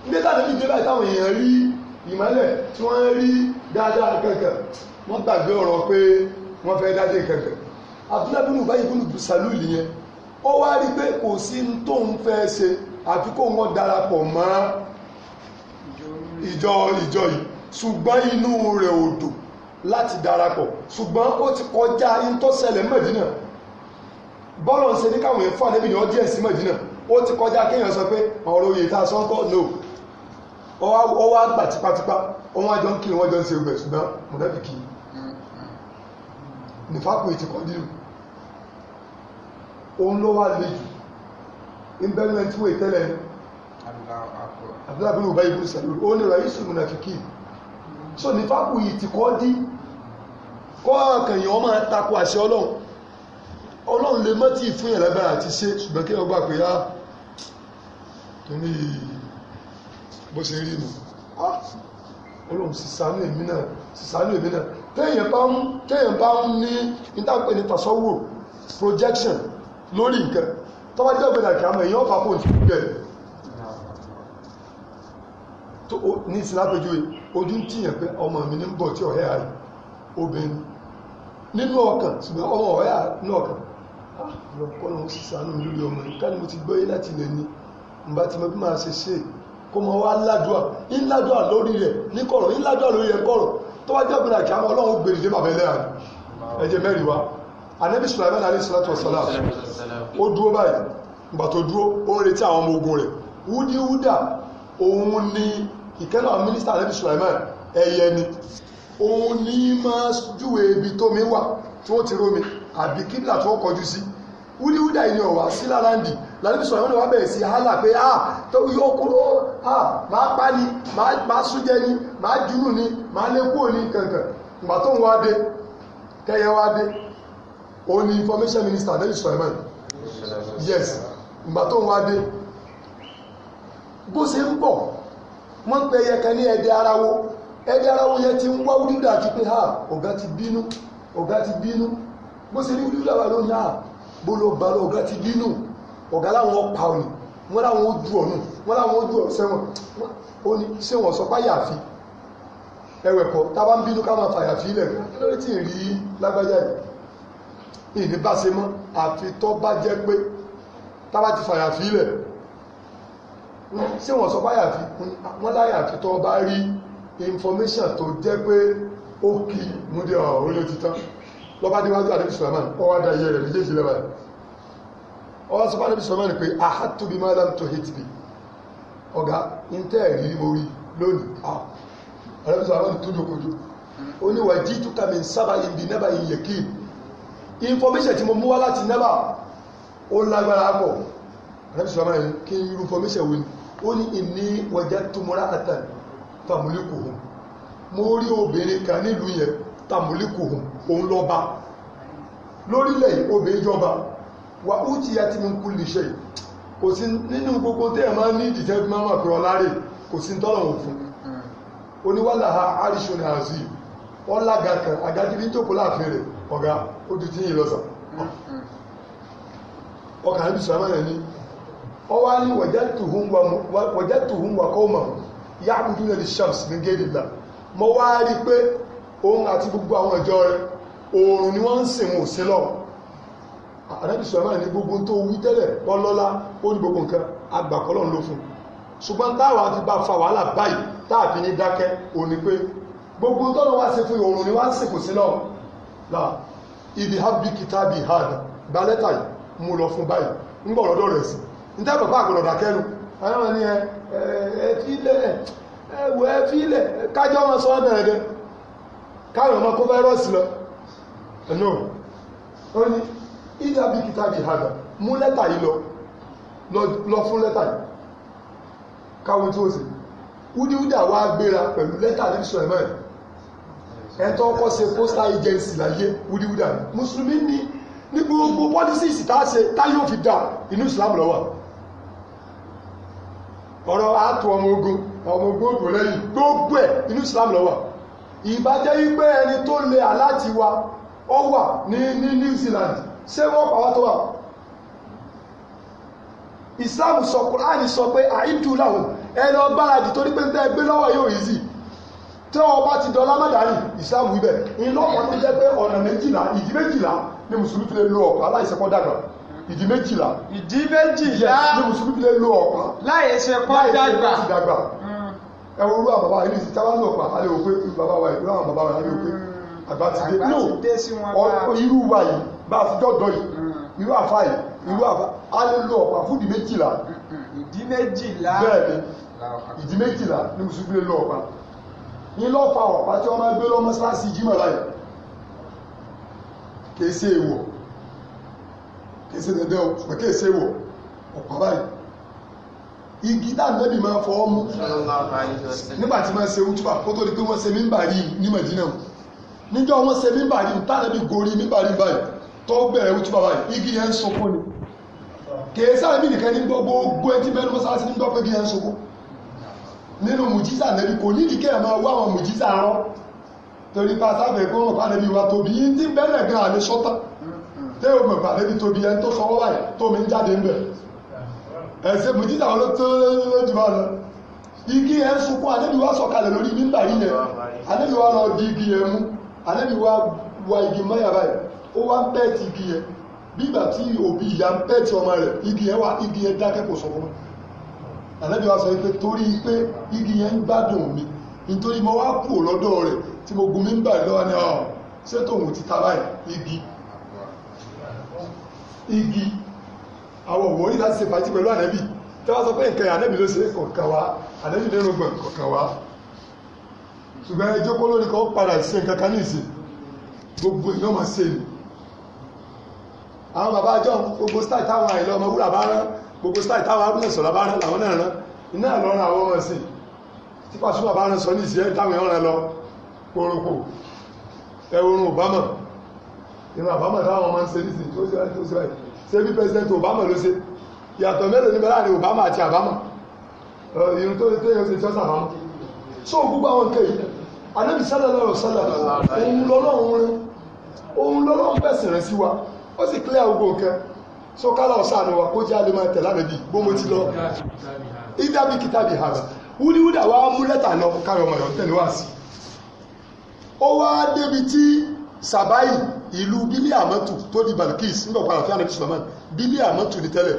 ilé lànàbìdé báyìí táwọn èèyàn rí ìmọ́lẹ̀ tí wọ́n rí dáadáa kankan wọ́n gbàgbé ọ̀rọ̀ pé wọ́n fẹ́ dáadé kankan abdulabinu báyìí bínú busalúlì yẹn ó wá rí pé kò sí tó ń fẹ́ ṣe àfi kó wọ́n darapọ̀ mọ́ ìjọ ìjọ yìí ṣùgbọ́n inú rẹ̀ ò dùn láti darapọ̀ ṣùgbọ́n ó ti kọjá in tó ṣẹlẹ̀ mẹ́dínà bọ́lọ̀ ń ṣe ní káwọn èèyàn fún àdébì ní ọdí ẹ̀sìn mẹ́dínà ó ti kọjá kéèyàn sọ pé ọ̀rọ̀ oyè tá a sọ ń tọ́ no ó wá gbà tipátipá wọ́n àjọ ń kí wọ́n jọ ń ṣe ọgbẹ̀ ṣùgbọ́n mọ̀lẹ́bí kì í nífàkù ètí kan dínú òun ló wà lè jù ń bẹ́ẹ̀ lẹ́ntí wò tẹ́lẹ̀ abúlábí ò bá ó ní ràyísù mùnàfikì so ní fábù yìí ti kọ́ dí kọ́ àkànyàn ọmọ takò àṣẹ ọlọ́run ọlọ́run lè mọ́tì fún yẹn lágbára àti ṣe ṣùgbọ́n kí wọ́n gbà pé á ah, torí bó ṣe rí nù ah, ọlọ́run sísánú èmi náà sísánú èmi náà téèyàn bá ń téèyàn bá ń ní ìtàpẹ́ ní tasọ́wò projection lórí nǹkan tọ́wọ́ jẹ́ òpin àti àmọ́ èèyàn ọ̀fà fóònù tó gbẹ̀ ní ìsìlápẹ́jú ojú ń tíyàn pé ọmọ mi ní ń bọ̀ tí ọ̀hẹ́ obìnrin nínú ọkàn ṣùgbọ́n ọmọ ọ̀hẹ́ àánú ọkàn ah, lọ́kọ́nà ó sì sànú lórí ọmọ yìí ti gbọ́ lati láti ni ti mọ bí máa ṣe ṣe kó mọ wá ládùá ń ládùá lórí rẹ̀ ní kọ̀rọ̀ ń ládùá lórí rẹ̀ kọ̀rọ̀ tó wá ìkẹ́nà mínísítà lẹ́bí Sulaiman ẹyẹ ni òun ní máa júwe ibi tó mi wà tí wọ́n ti rómi àbí kíbla tí wọ́n kọjú sí wúlíwúdà ìní ọ̀wà sí láràndì lálẹ́bí Sulaiman wà bẹ̀rẹ̀ sí hálà pé à ah, tó yóò kúrò à ah, máa pa ni máa súnjẹ ni máa jùlù ni máa lékúò ni kankan ìgbà tó ń wá dé kẹyẹ wá dé òun ni information minister lẹ́bí Sulaiman yes ìgbà tó ń wá dé bó ṣe ń bọ̀ wọ́n pe ẹyẹ kan ní ẹdẹ arawo ẹdẹ arawo yẹn ti ń wá wúdúdà ha ọ̀gá ti bínú ọ̀gá ti bínú bó ṣe ní wúdúdà wà lónìí ha bó ló lọ ọ̀gá ti bínú ọ̀gá láwọn pa òní wọ́n láwọn ó ọ̀nù wọ́n láwọn ó ọ̀nù sẹ́wọ̀n ó ní ṣé wọ́n sọ páyà fi ẹwẹ̀ kọ́ tá ń bínú fi ilẹ̀ lórí tí ì rí lágbájá ṣé wọ́n sọ báyà fi kún wọ́n láyà fi tọ́ bá rí information tó jẹ́ pé ó kì í mú dé ọ̀rọ̀ orílẹ̀ ti tán lọ́ba déwájú àdébí Sulaiman ọwọ́ adá iye rẹ̀ méjèèjì lẹ́bàá rẹ̀ ọwọ́ sọ bá àdébí Sulaiman pé ahatubi malam to hate me ọ̀gá intẹ́ẹ̀rí orí lónìí àdébí Sulaiman tó dòkojú ó ní wà jí túkà mi sábà ibi nẹ́bà iye kí information tí mo mú wá láti nẹ́bà ó lágbára pọ̀ àdébí Sulaiman kí irú information wo ó ní ìní wajadtumura atan tamulikuhum mo rí obìnrin kan nílùú yẹn tamulikuhum òun lọ́ba lórílẹ̀ obìnrin jọba wà ó ti ya ti mi kú lè ṣe kò sí nínú gbogbo tí ẹ̀ máa ní ìdíjẹ́ bí máa láre kò sí tọ́lọ̀ wọn fún oníwàlà àríṣò ní àzí kan láàfin ọ̀gá ó ti ọwá ní wajadtuhum ya qawmahum ya'buduna di shams min ghayrillah mọ́ wá rí pé òun àti gbogbo àwọn rẹ̀ oòrùn ni wọ́n ń mọ̀ sílọ̀. sí lọ́wọ́ àrẹ́bì ní gbogbo tó wí tẹ́lẹ̀ bọ́lọ́lá ó ní gbogbo nǹkan ló ṣùgbọ́n ti bá fa wàhálà báyìí táàfi ní dákẹ́ nítẹ́rọ bá àgbọ̀dọ̀ dákẹ́rù àwọn ni ẹ̀fílẹ̀ ẹ̀wọ̀ ẹ̀fílẹ̀ kájọ́ wọn sọ bẹ̀rẹ̀ káwọn ọmọ kó fáírọ́ọ̀sì lọ ẹ̀nà ó ní ìjà bí kìtà bí hàdà mú lẹ́tà yìí lọ lọ fún lẹ́tà yìí káwọn tí ó sì wúdíwúdà wá gbéra pẹ̀lú lẹ́tà ní sọ ẹ̀mọ́ ẹ̀ ẹ̀tọ́ ọkọ̀ ṣe postal agency láyé wúdíwúdà mùsùlùmí ni ní gbogbo pọ́lísì ìsìtáṣe táyọ̀ fi dà inú ìsìlámù lọ́wọ́ ọ̀rọ̀ àtò ọmọ ogun ọmọ ogun òkú lẹ́yìn gbogbo ẹ̀ inú Islam lọ́wọ́ ìbájẹ́ wípé ẹni tó lè aláti wa ó wà ní New Zealand ṣé wọ́n tó wà Islam sọ Kùránì sọ pé àìdù làwọn torí pé tẹ́ gbé lọ́wọ́ yóò tẹ́ ti dọ́lá Islam tó jẹ́ pé ọ̀nà méjìlá ìdí méjìlá ni mùsùlùmí fi lè lo ìdí méjìlá ìdí méjìlá ní mùsùlùmí lè lo ọ̀pá láyé ṣe kọ́ dàgbà ẹwọ orú àbàbà ilé ti tábà lò pa alẹ́ òpé bàbá wa ìlú àwọn bàbá wa alẹ́ òpé hmm. àgbà ti dé no irú wa yìí bá a fi dọ́dọ̀ yìí hmm. irú àfa yìí irú àfa alẹ́ lò ọ̀pá fún ìdí méjìlá hmm. ìdí méjìlá bẹ́ẹ̀ni ìdí méjìlá ní mùsùlùmí lè lo ọ̀pá ní lọ́fà ọ̀pá tí wọ́n máa gbé lọ́mọ́sáàsì jimọ̀ láyìí kèé ṣe èèwọ̀ kìí ṣe dandan o ṣùgbọ́n kìí ṣe wọ̀ ọ̀pá báyìí igi tá nẹ́bì máa fọwọ́ mú nígbàtí máa ṣe wútúbà kó tó di pé wọ́n ṣe mímbàrí ní Mẹ̀dínà níjọ́ wọ́n ṣe mímbàrí tá nẹ́bì gorí mímbàrí báyìí tó bẹ̀rẹ̀ wútúbà báyìí igi yẹn ń sunkún ni kìí sáré bí nìkan ní gbogbo ogun ẹtí bẹ́ẹ̀ ló mọ́ sáásí ní gbọ́ pé igi yẹn ń sunkún nínú mùjísà nẹ́bì kò ní ìdíkẹ́ máa wá àwọn mùjísà rán torí pé asáfẹ́ kó rọ̀ dé ògbò ìgbàlẹ́bí tóbi ẹni tó sọwọ́ báyìí tó mi ń jáde ń bẹ̀ ẹ̀sẹ̀ bùjíjà wọn ló tó lójú bá lọ igi yẹn sunkún ànábì wa sọ̀kalẹ̀ lórí nígbà yìí yẹn ànábì wa lọ di igi yẹn mú ànábì wa wa igi mọ́yà báyìí ó wá ń pẹ́ẹ̀tì igi yẹn bígbà tí òbí ìyá ń pẹ́ẹ̀tì ọmọ rẹ̀ igi yẹn wà igi yẹn dákẹ́ kò sọ fún wa sọ pé torí pé igi yẹn ń gbádùn mi nítorí mo wá kú lọ́dọ̀ rẹ̀ tí mo gun mi ń bà lọ́wọ́ ni ọ̀ ṣé tòun ti ta báyìí igi igi àwọn òwòrí láti ṣe fàájì pẹ̀lú ànẹ́bì tí wọ́n sọ pé nǹkan ànẹ́bì ló ṣe kọ̀ọ̀kan wá ànẹ́bì nínú gbọ̀n kọ̀ọ̀kan wá ṣùgbọ́n ẹjọ́ kó lórí kan padà ṣe nǹkan kan ní ìsìn gbogbo èèyàn máa ṣe ni àwọn bàbá àjọ gbogbo style táwọn àìlọ ọmọ wúrà bá rán gbogbo style táwọn arúgbó sọ̀rọ̀ bá rán làwọn náà rán iná lọ́rùn àwọn ọmọ sí tí pàṣípà bá rán sọ ní ìsìn táwọn èèyàn rán lọ kórópò ẹ̀rọ Obama ìran àbámọ̀ táwọn máa ń ṣe nísìnyí tó síwájú tó síwájú ṣé bí pẹ́sidẹ́ntì Obama ló ṣe ìyàtọ̀ mélòó níbẹ̀ láàrin Obama àti àbámọ̀ irun tó tẹ́yọ̀ sí tọ́sà máa ń so gbogbo àwọn nǹkan yìí anábì sálàlọ́rọ̀ sálà òun lọ́lọ́run rẹ òun lọ́lọ́run sí wa ó sì clear gbogbo nǹkan so kálá ọ̀sán àná wa kó jẹ́ alẹ́ tẹ̀ lánàbí gbogbo wa mú lẹ́tà lọ káyọ̀ mọ̀yọ̀ tẹ̀lé wá sí ìlú bílí àmọ́tù tó di Balikis nígbà padà fún anabi Sulaiman bílí àmọ́tù ní tẹ́lẹ̀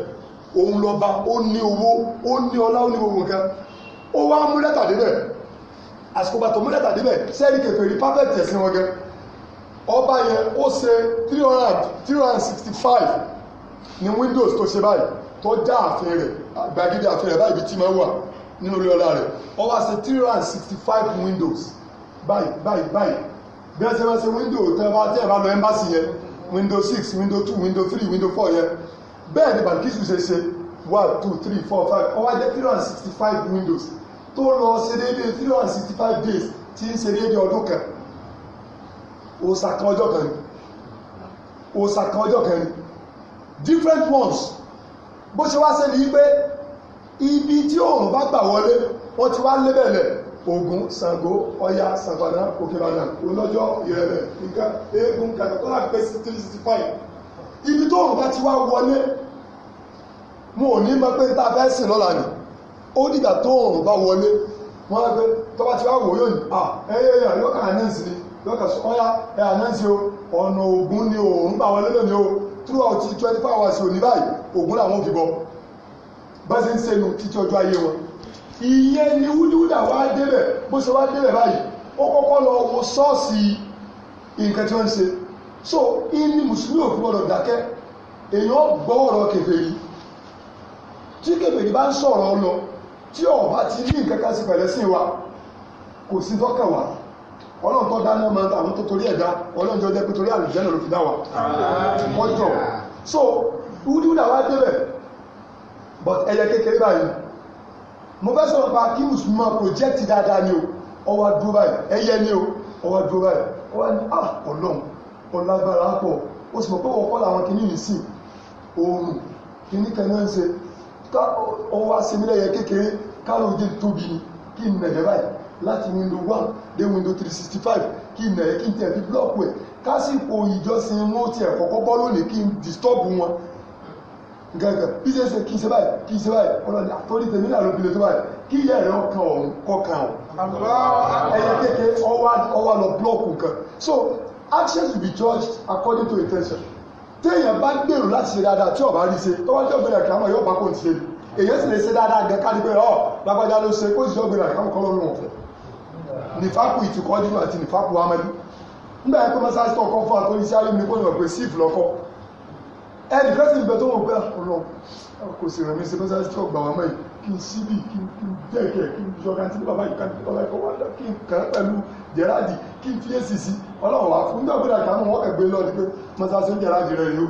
òun lọ́ba ó ní owó ó ní ọlá ó ní gbogbo nǹkan ó wá mú lẹ́tà débẹ̀ àsìkò bàtò mú lẹ́tà débẹ̀ sẹ́ẹ̀rì kẹfẹ́ rí pápẹ́ẹ̀tì ẹ̀sìn wọn gẹ ọba yẹn ó ṣe three hundred three hundred sixty five ní windows tó ṣe báyìí tó já ààfin rẹ̀ gbàgede ààfin rẹ̀ báyìí ibi tí máa wà nínú ilé ọlá rẹ̀ ó ṣe three hundred sixty five windows báyìí báyìí báyìí bí wọ́n ṣe máa ṣe wíńdò tẹ́ bá tẹ́ bá lọ ẹ́mbásì yẹn wíńdò six window two window three window four yẹn bẹ́ẹ̀ ni bàkísù ṣe ṣe one two three four five ó jẹ́ three hundred sixty five windows tó lọ ṣe déédéé three hundred sixty five days tí ń ṣe déédéé ọdún kan òòṣà kan ọjọ́ kan ni òòṣà kan ọjọ́ kan ni different ones bó ṣe wá ṣe ni pé ibi tí òòrùn bá gbà wọlé wọ́n ti wá lébẹ̀lẹ̀ ogun sango Ọya Ṣàgbàdá Òkèbàdàn olọ́jọ́ Ìrẹ̀lẹ̀ nǹkan eégún nǹkan kọ́lá pé three sixty five ibi tó òrùn bá ti wá wọlé mo ò ní pé tá a fẹ́ sìn lọ́la ni ó dìgbà tó òrùn bá wọlé wọ́n á gbé tó bá ti wá wò yóò ní à ẹ̀yẹ́ ẹ̀yẹ́ yóò kà ní ìsìn sọ ọ́yá o ọ̀nà Ògún ni bá wọlé lónìí o twenty hours òní báyìí làwọn bá ṣe ń ìyẹn ni wúdiwúdà wá débẹ̀ bó ṣe wá débẹ̀ báyìí ó kọ́kọ́ lọ wo ṣọ́ọ̀ṣì nǹkan tí wọ́n ń ṣe so ìní mùsùlùmí òfin gbọ́dọ̀ dákẹ́ èèyàn gbọ́ ọ̀rọ̀ kèfèrí tí kèfèrí bá ń sọ̀rọ̀ lọ tí ọba ti ní nǹkan kan sí pẹ̀lẹ́ sí wa kò sí tọ́kàn wá ọlọ́run tó dáná máa ń àwọn tó torí ẹ̀dá ọlọ́run jọ jẹ́ pé torí àlùjẹ́ náà ló fi dá wa wọ́n jọ so wúdiwúdà wá débẹ̀ but ẹyẹ kékeré báyìí mo fẹ́ sọ̀rọ̀ pa kí mùsùlùmí máa project dáadáa ni o ọwọ́ dúró báyìí ẹyẹ ni o ọwọ́ dúró báyìí ọwọ́ ni ah ọlọ́run ọlágbára pọ̀ ó sì mọ̀ pé wọ́n kọ́ làwọn kìíní yìí sí oòrùn kìíní kan ń ṣe ọwọ́ asemílẹ̀yẹ kékeré káàrò òjé tóbi ni kí n nàyẹ báyìí láti window one dé window three sixty five kí n nàyẹ kí n tẹ̀ fi blọ́ọ̀kù ẹ̀ kásìkò ìjọsìn wọn ó tiẹ̀ kọ́kọ́ bọ́ lónìí kí n disturb wọn gẹ́gẹ́ bí ṣe ṣe kí ṣe báyìí kí ṣe báyìí ọlọ́dà torí tèmi náà ló fi lè tó báyìí kí ilé ẹ̀rọ kan òun kọkàn òun ẹ̀yẹ kékeré ọwọ́ lọ blọ́ọ̀kù kan so actions will be judged according to intention téèyàn bá gbèrò láti ṣe dáadáa tí ọba rí ṣe tọ́wọ́ tí ọ̀gbẹ̀rẹ̀ kàmọ́ yóò bá kò ní ṣe èyí sì lè ṣe dáadáa gan kárí pé ọ lágbájá ló ṣe kó sì ọ̀gbẹ̀rẹ̀ kàmọ́ kọ́ lọ́rùn ọ̀fẹ́ nífàkù ìtìkọ́jú ẹnì kan sì ń bẹ tó wọn pé ah, ọlọ ah, kò sì rẹ̀ mí ṣe mọ́sálásí tí ọgbà wa mọ́ yìí kí n síbì kí n jẹ́kẹ̀ kí n yọkan tí bàbá yìí kan tí bàbá yìí kan wọ́n lọ kí n kàn pẹ̀lú jẹ́ráàdì kí n fi èsì sí ọlọ́run wa fún nígbà gbọ́dọ̀ àgbà wọn ẹgbẹ́ lọ ni pé mọ́sálásí jẹ́ráàdì rẹ̀ yó.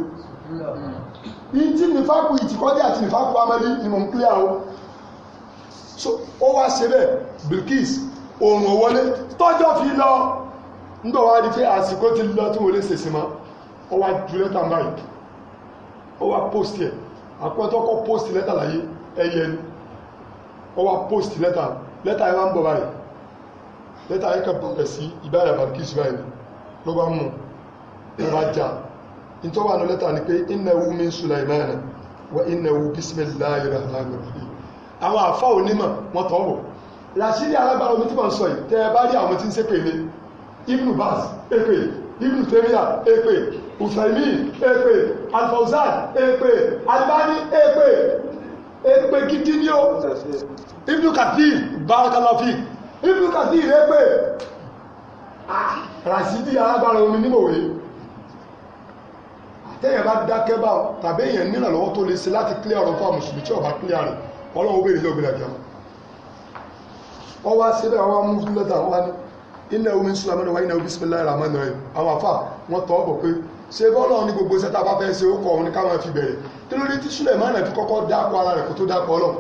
ìjì nífàkù ìtìkọ́dé o. so ó wá ṣe bẹ́ẹ̀ Bilkis òun ò wọlé tọ́jọ́ fi lọ nígbà wá di pé àsìkò ti ọ wá ju lẹ́tà báyìí ó wá post ẹ̀ àpẹẹtọ́ kọ́ post lẹ́tà láyé ẹyẹ ni ó wá post lẹ́tà lẹ́tà ẹ̀ wá ń bọ̀ báyìí lẹ́tà ẹ̀ kẹ́ bàbẹ̀ sí ìbáyà bàbí israel ló bá mú ló bá já nítorí wà ní lẹ́tà ni pé innahu min sulaimana wa innahu bismillahi rahmani rahim àwọn àfa onímọ̀ wọn tọ́ wò rasidi alágbára omi tí mo ń sọ yìí tẹ́ ẹ bá rí àwọn tí ń ṣépè ní ibnu bas èpè ibnu tẹ́míà èpè usaimin èpè alfawzan Epe, albani èpè èpè gidi ni ó ibnu kathir barakalafi ibnu kathir Epe. rasidi alágbára omi nímòwe àtẹ́yìn bá dákẹ́ bá tàbí èèyàn nírànlọ́wọ́ tó lè ṣe láti clear ọ̀rọ̀ fún àmùsùlùmí tí ọba clear rẹ̀ ọlọ́wọ́ bèèrè lọ́gbẹ̀rẹ̀ àjẹmọ́ wọ́n wá síbẹ̀ wọ́n wá mú lẹ́tà wọ́n wá ní iná omi sùlámẹ́rin wáyé náà bismillahir rahmanir rahim àwọn àfà wọ́n tọ́ bọ̀ pé ṣe bọ́lọ̀ ní gbogbo iṣẹ́ tá a bá fẹ́ ṣe ó kọ̀ òun ní káwọn fi bẹ̀rẹ̀ kí ló dé tí Sulemana fi kọ́kọ́ dákọ̀ ara rẹ̀ kó tó dákọ̀ ọlọ́run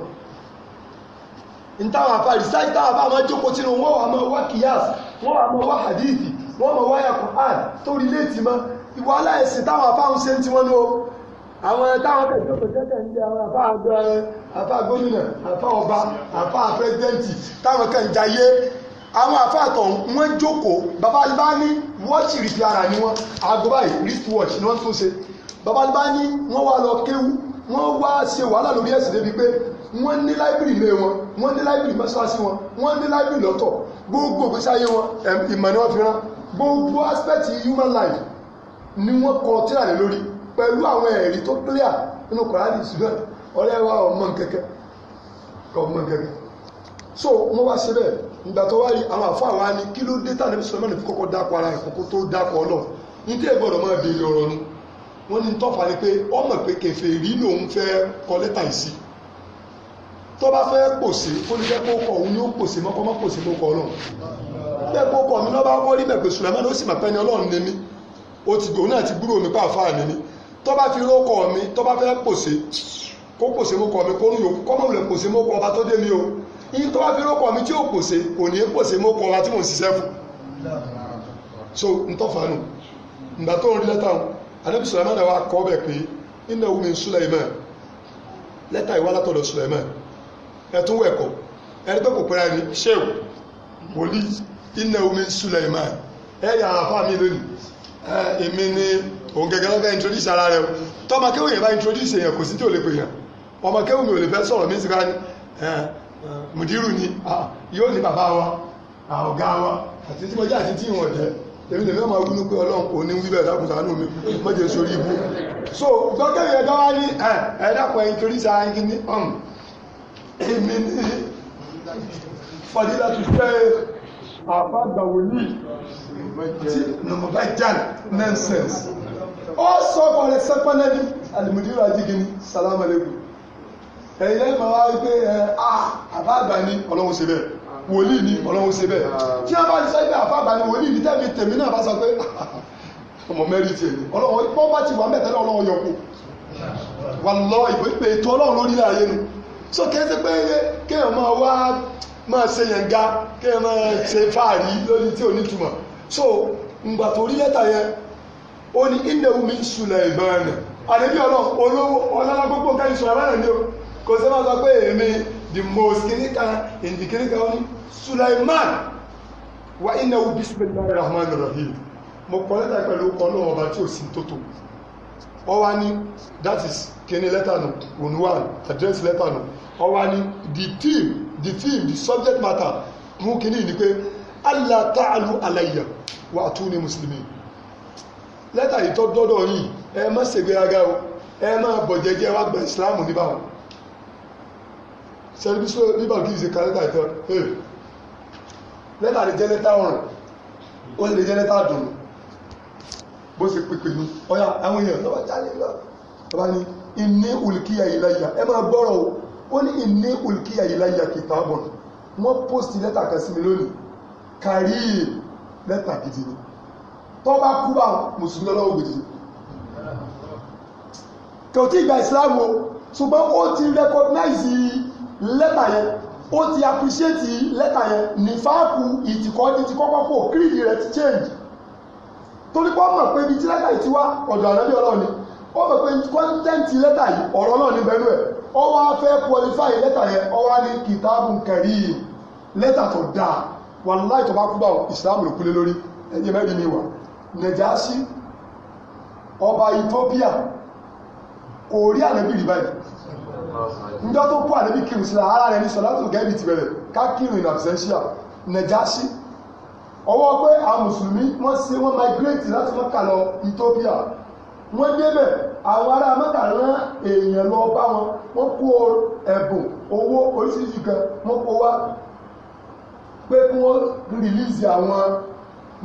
ntáwọn afa rìsáì táwọn afa máa jókòó sínú wọn wà máa wá kíyàs wọn wà máa wá hadithi wọn máa wá yàkùn àn tó rí léètì mọ ìwà aláìsìn táwọn afa ń ṣe ń tiwọn ní o àwọn táwọn bẹ̀rẹ̀ jókòó sẹ́kẹ̀ ń jẹ àwọn afa àgbẹ̀ afa gómìnà afa ọba afa pírẹsidẹ́ǹtì àwọn àfáàtọ̀ wọ́n jókòó bàbá alibá ní wọ́ọ̀ṣì rìsì ara ni wọ́n aago báyìí wrist watch ni wọ́n tún ṣe bàbá alibá ní wọ́n wá lọ kéwú wọ́n wá ṣe wàhálà lórí ẹ̀sìn débi pé wọ́n ní láìbìrì ilé wọn wọ́n ní láìbìrì mọ́ṣáláṣí wọn wọ́n ní láìbìrì lọ́tọ̀ gbogbo ìgbésí ayé wọn ìmọ̀ ni wọ́n fi rán gbogbo aspect human life ni wọ́n kọ tíra lé lórí pẹ̀lú àwọn ẹ̀rí tó clear nínú kọ̀rádì ṣùgbọ́n ọ̀rẹ́ wa ọmọ nkẹ́kẹ́ ọmọ nkẹ́kẹ́ so wọ́n wá ṣe bẹ́ẹ̀ ìgbà tó wá rí àwọn àfọ àwọn á ní kí ló dé tàbí sọlọ́mọ́nì fi kọ́kọ́ dákọ̀ ara ẹ̀ kókó tó dákọ̀ ọlọ́run ní tí ègbọ́dọ̀ máa ọ̀rọ̀ ni wọ́n ní tọ́fà ni pé ọmọ pé kẹfẹ́ rí lòun fẹ́ kọ lẹ́tà yìí sí tó bá fẹ́ pòsè ó ní kó kọ òun yóò pòsè mọ́kọ́ mọ́ pòsè mọ́kọ́ ọlọ́run bẹ́ẹ̀ kó kọ mi rí sì yìí tó bá fi rókọ mi tí ò pòṣe kò ní pòṣe mọ́ kọ́ wa tí mò fún so n tọ́ fa nù ìgbà tó ń rí lẹ́tà wọn anabi sulaiman náà wà kọ́ bẹ̀ pé iná wumi sulaiman lẹ́tà ìwà látọ̀dọ̀ sulaiman ẹ̀tún wẹ̀kọ̀ ẹni tó introduce ara rẹ̀ tọ́mọ kéwìn introduce èèyàn kò sí tí ò lè pè yàn ọmọ kéwìn fẹ́ sọ̀rọ̀ mí sí ká ní mùdírù ni ah, yóò ní bàbá wa ah, ọ̀gá wa àti tí mo jẹ́ àti tí ìwọ̀n jẹ́ èmi lè fẹ́ máa wúnú pé ọlọ́run kò ní wíbẹ̀ ẹ̀dá kùsà nù mi mọ́jẹ̀ sórí ibú so gbọ́gbẹ́ yẹn dá wá ní ẹ̀dá kan ẹ̀yìn torí sa ẹ̀yìn ní ọ̀n um, èmi ní fàdílà tó fẹ́ àbágbà wòlíì tí nàmọ́bá jan nonsense ó sọ fọlẹ̀ sẹ́pẹ́lẹ́bí alimudiro ajigini salamu alaikum ẹ̀yẹ́ mọ̀ wá wípé ẹ̀ àbá àgbà ní ọlọ́run ṣe bẹ́ẹ̀ wòlíì ní ọlọ́run ṣe bẹ́ẹ̀ tí bá sọ pé àbá àgbà pé ọmọ mẹ́rin tiẹ̀ ni ọlọ́run ti wà mẹ́tẹ́lẹ́ ọlọ́run yọkù wà lọ ìpè ètò ọlọ́run lórí nu ṣe pé máa wá máa ṣe yẹn ga máa ṣe fáàrí lórí tí ò so ngbà tó rí lẹ́tà yẹn ó mi ń àdébí kò sí máa sọ pé èmi the most kìnnìkan ìdí kìnnìkan ní Sulaiman wa iná wù bismillahir Rahman rahim mo kọ lẹ́tà pẹ̀lú ọlọ́run ọba tí ò sí tótó ọ wá ní that is kíní lẹ́tà nù òun address lẹ́tà nù ọ wá ní the theme the theme the subject matter mú kíní ni pé allah ta'alu alayya wa atuni muslimin lẹ́tà yìí tó dọ́dọ̀ yìí ẹ má ṣègbéraga o ẹ má bọ̀ jẹ́jẹ́ wá gba ìsìláàmù níbàwọ̀n service liban gives a calendar ìtọ́ hey lẹ́tà lè jẹ́ lẹ́tà ọ̀rùn ó lè jẹ́ lẹ́tà dùn bó ṣe pèpè ní ọ̀yà àwọn èèyàn lọ́wọ́ jáde lọ bàbá ni ìní olùkíyà yìí láyà ẹ máa gbọ́rọ̀ o ó ní ìní olùkíyà yìí láyà kìtà bọ̀ wọ́n post lẹ́tà kan sí mi lónìí kàrí lẹ́tà gidi ni tó bá kú bá mùsùlùmí lọ́wọ́ gidi kò tí ì gba ìsìlámù o ṣùgbọ́n ó ti recognize lẹ́tà yẹn ó ti appreciate lẹ́tà yẹn ní fáàkù ìtìkọ́ ní ti kọ́kọ́ pò kírìdì rẹ̀ ti change torí pé ó mọ̀ pé ibi tí lẹ́tà yìí ti wá ọ̀dọ̀ ànábì ọlọ́run ni ó mọ̀ pé kọ́ńtẹ́ǹtì lẹ́tà yìí ọ̀rọ̀ náà ní bẹ́ẹ̀ ó wá fẹ́ qualify lẹ́tà yẹn ó wá ní kìtàbùn karim lẹ́tà tó dáa wàláì tó bá kú bá ìsìlámù ló kúlé lórí ẹ̀yẹ mẹ́rin mi wà nàìjásí ọba Ethiopia kò rí ànábì rí báyìí ndị tó kú ànábì kírun si ara rẹ̀ ní sọ̀látù gẹ́bì ti bẹ̀rẹ̀ ká ọwọ́ a mùsùlùmí wọ́n ṣe wọ́n migrate láti Mẹ́kà lọ Ethiopia wọ́n débẹ̀ àwọn ará Mẹ́kà rán èèyàn lọ wọn wá pé wọ́n àwọn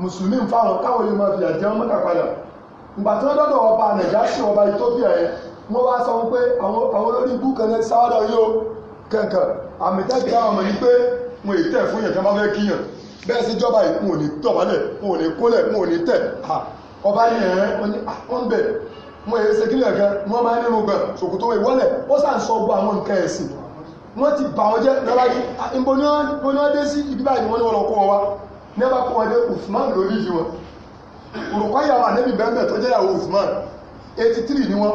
mùsùlùmí káwọn yóò máa fi padà ọba ọba wọ́n wá sọ pé àwọn olórí ibú kan náà sáwọ́dọ̀ yóò kankan àmì tẹ́tí àwọn ọmọ yìí pé wọn èyí tẹ̀ fún yàn tí wọ́n bá fẹ́ kíyàn bẹ́ẹ̀ sí jọba yìí wọn ò ní tọ̀wálẹ̀ wọn ò ní kólẹ̀ wọn ò ní tẹ̀ ọba ní ẹ̀rẹ́ wọn bẹ̀ wọn èyí sekílẹ̀ kan wọn máa nínú gbọ̀n ṣòkòtò ìwọ́lẹ̀ ó sàn sọ gbọ́ àwọn nǹkan ẹ̀sìn wọn ti bà wọn jẹ́ lọ́la yìí nbọ ní wọn dé sí ibi báyìí ni wọn ní wọn lọ kó wọn wá ní wọn bá kó wọn dé Usman lórí yìí wọn òrùkọ́ yàrá níbi bẹ́ẹ̀ bẹ́ẹ̀ tó jẹ́ yàrá Usman eighty three ni wọn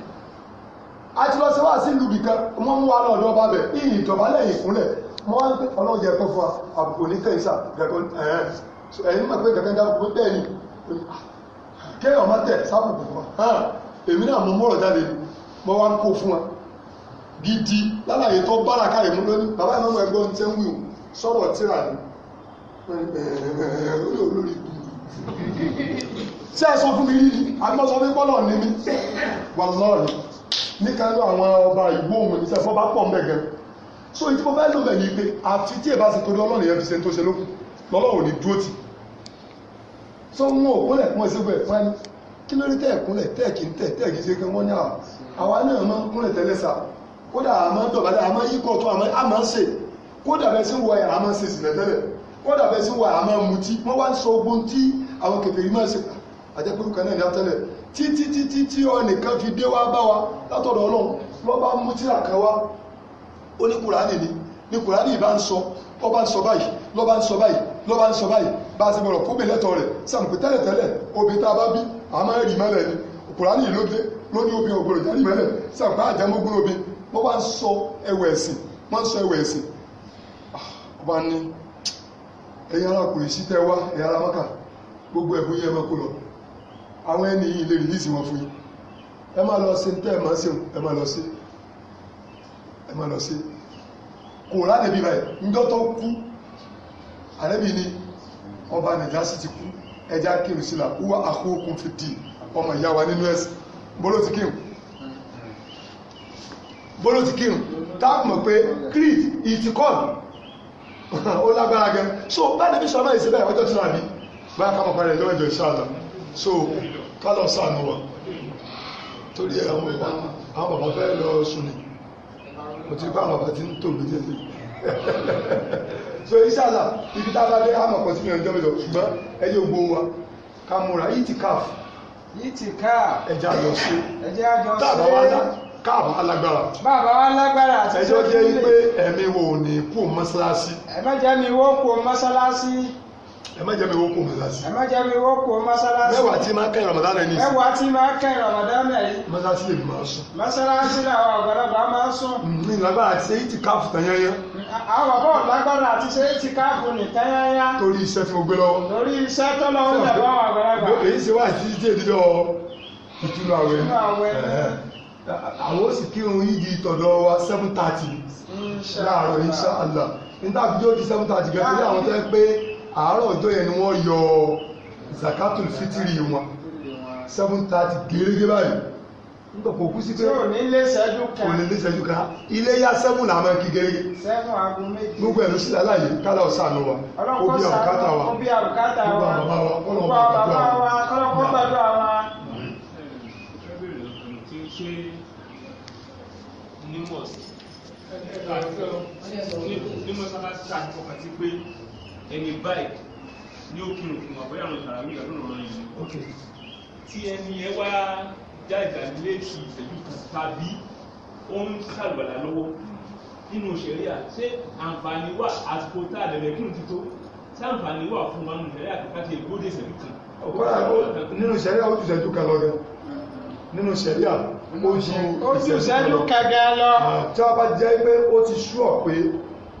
a ti lọ sí wá sí ìlú nìkan wọ́n mú wa lọ ọ̀dọ̀ ọba bẹ̀ ìyìn ìjọba lẹ́yìn ìkúnlẹ̀ mọ́ wá ń pè ọlọ́run jẹ́ pẹ́ fún wa àbùkù ní kẹ́sà ẹ̀yìn mọ̀ pé kẹ̀kẹ́ dábùkù bẹ́ẹ̀ ni ah, kéèyàn má tẹ̀ sábùkù fún wa èmi náà mo mọ̀rọ̀ jáde mo wá ń kó fún wa gidi lálàyé tó bára káyè mú lónìí bàbá ìmọ̀ ẹgbẹ́ ohun tẹ́ ń wí sọ̀rọ̀ tíra ni olórí ṣé ẹ sọ fún mi yìí àbí wọ́n sọ fún mi pọ́lọ̀ ní mi wà lọ́ọ̀rì níkanú àwọn ọba ìwó òun ní sẹ́fọ́ bá pọ̀ mẹ́gẹ́ so ìtí mo fẹ́ lò bẹ̀ ni pé àfi tí èbá ṣe torí ọlọ́run yẹn fi ṣe tó ṣe lókun lọ́lọ́run ní dúró tì so wọn ò kúnlẹ̀ kún ẹsẹ̀ bẹ̀ fún ẹni kí ló rí tẹ́ ẹ̀kúnlẹ̀ tẹ́ ẹ̀kí ń tẹ̀ tẹ́ ẹ̀kí ṣe kí wọ́n ní àwọn àwa náà máa ń kúnlẹ̀ tẹ́lẹ̀ sà kódà àmọ́ dọ̀bálẹ̀ àmọ́ yíkọ̀ tó àmọ́ ṣe kódà bẹ́ẹ̀ sí wọ ẹ̀ àmọ́ ṣe sílẹ̀ tẹ́lẹ̀ kódà bẹ́ẹ̀ sí wọ àmọ́ mutí wọ́n wá ń sọ ogun tí àwọn kèfèrí máa ṣe àjẹpẹ́ orúkọ náà ní atẹ́lẹ̀ títí títí tí ọ̀nìkan fi dé wá bá wa látọ̀dọ̀ ọlọ́run lọ́ bá mú tíra kan wá ó ní kùránì ni ní kùránì bá ń sọ ó bá ń sọ báyìí lọ́ bá ń sọ báyìí lọ́ bá ń sọ báyìí bá a ti mọ̀rọ̀ fún bèlẹ́tọ̀ rẹ̀ sàmùpé tẹ́lẹ̀ tẹ́lẹ̀ obì tá a bá bí a máa ń rì mọ́lẹ̀ ni kùránì ló dé ló ní obì ògbòrò jáde mọ́lẹ̀ sàmùpé àjẹmógún obì wọ́n bá ń sọ ẹwẹ̀ ẹ̀sìn wọ́n ń sọ ẹwẹ̀ ẹ̀sìn ọba ah, ní ẹ̀yin ara kùrìsì tẹ́ wá ẹ̀yin ara mọ́kà gbogbo ẹ̀bùn yẹn mọ́kù lọ àwọn ẹni yìí lè rìlíìsì wọn fún yín ẹ máa lọ sí ní tẹ́ ẹ máa ń sèwọ̀n ẹ máa lọ sí ẹ máa lọ sí kò ráde bí báyìí ńjọ́ tó kú àrẹ́bí ni ọba nàìjíríà sì ti kú ẹja kírun sílà wúwa àkókò fìdí ọmọ ìyá wa nínú ẹ̀sìn bóló ti kírun bóló ti kírun táàpù mọ̀ pé creed ìtìkọ́ọ̀lù ó lágbára gan so bá níbi sọ náà ìṣẹ́bẹ̀ ọjọ́ tí wà ní báyà ká mọ̀ parẹ́ lọ́wọ́ ìjọ ìṣáàlá so kálọ̀ sànù torí àwọn ìwà àwọn bàbá fẹ́ lọ sùn ni ti bá bàbá ti ń tò mí so ìṣàlà ibi tá a bá dé àmọ̀ sí mi ọjọ́ mẹ́jọ ṣùgbọ́n ẹ wa ká múra yìí ti káàf yìí ti àjọ ṣe àjọ ṣe tábà alágbára bàbá lágbára àti ṣe ẹ má jẹ́ mi wọ́pọ̀ mọ́sálásí. ẹ má jẹ́ mi wọ́pọ̀ mọ́sálásí. mẹ́wàá tí máa kẹ́yìn Ramadan rẹ ní. mẹ́wàá tí máa kẹ́yìn Ramadan rẹ yìí. mọ́sálásí lè máa sùn. mọ́sálásí làwọn àgbàlagbà máa sùn. ní hmm, ìlànà àti ṣe ìtì káàfù tán yányán. àwọn bàbá ọ̀lágbára àti ṣe ìtì káàfù nìkan yányán. torí iṣẹ́ tí mo gbé lọ́wọ́. torí iṣẹ́ tó lọ́wọ́ ń bẹ̀ báwọn àgbàlagbà. èyí ṣe wá àti ìdí èdè lọ ìtúnu àwẹ̀ àwọn ó sì kírun yídi ìtọ̀dọ̀ wa seven thirty Allah nígbà tí ó di seven thirty àárọ̀ ọjọ́ yẹn ni wọ́n yọ zakatul fitiri wọn seven thirty gẹ́gẹ́ báyìí nígbà kò kú sí pé kò ní lé ṣẹ́jú ká ilé yá seven àmọ́ kí gẹ́gẹ́ gbogbo ẹ̀mí sílẹ̀ láàyè kálá ọ̀sánú wa kó bí àbùkátà wa kó bí àbùkátà wa kó bí àbùkátà wa kó gbàdúrà wa. ṣé nímọ̀ sí nímọ̀ sábà ṣàkóso àti pé ẹni báyìí ní òkìrùn fún wa bóyá àwọn ìtara mi ìgbàdúrà lọ yìí tí ẹni ẹ wá já ìgbàlélé ti ìṣẹ́jú kan tàbí ó ń ṣàlùbàlà lọ́wọ́ nínú ṣẹ̀ríà ṣé àǹfààní wà àsìkò tá a lẹ̀lẹ̀ kírun ti tó ṣé àǹfààní wà fún wa nínú ṣẹ̀ríà kí káṣí ìgbóde ìṣẹ́jú kan. ọ̀pọ̀lá nínú ṣẹ̀ríà ó ti ṣẹ́jú kan lọ́gẹ́ nínú ṣẹ̀ríà ó ti ṣẹ́jú kan gan lọ. Ah, tí wọ́n bá jẹ́ pé ó ti ṣú ọ̀ pé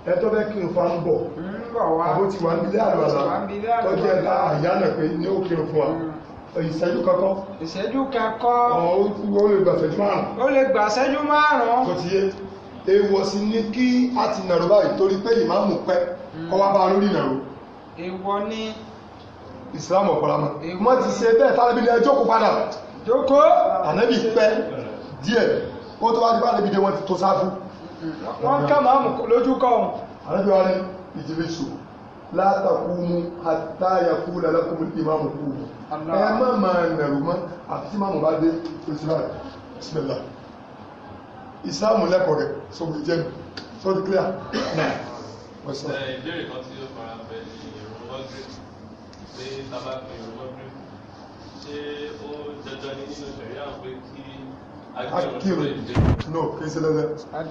ẹ tó fẹ́ kírun fa ń bọ̀ bọ̀ wá àwọn ti wà nílé àlọ́lá tó jẹ́ ta àyánà pé ní hmm. ó kírun fún wa ìṣẹ́jú kakọ́ ìṣẹ́jú kakọ́ ó lè gbà ṣẹ́jú márùn-ún ó lè gbà ṣẹ́jú márùn-ún tó ti yé èèwọ̀ sì ni kí a ti nàró báyìí torí pé ìmáàmù pẹ́ hmm. kọ́ wá bá lórí nàró èèwọ̀ ni ìsìlámù ọ̀pọ̀lámà wọ́n ti ṣe bẹ́ẹ̀ tálẹ́bí ní ẹjọ́ kó padà jókòó ànábì pẹ́ díẹ̀ ó tó wá ti bá ànábì dé wọ́n ti tó sáfù hmm. wọ́n ká máàmù lójú kọ́ ọ̀hún ànábì wa ni ìjìlísù látàkùnmù àtàyàkú lalákùnmù ìmáàmù kú ẹ má máa nẹ̀rù mọ́ àti tí máàmù bá dé òṣìláì bisimilá ìsìláàmù lẹ́kọ̀ọ́ rẹ̀ sọ̀rọ̀ ìjẹ́nu sọ̀rọ̀ clear náà wọ́n sọ. ìbéèrè kan o ó fara bẹ ní ìrànwọ́ gírí pé àwọn pé kí akérò no kì í ṣe lẹ́lẹ́ náà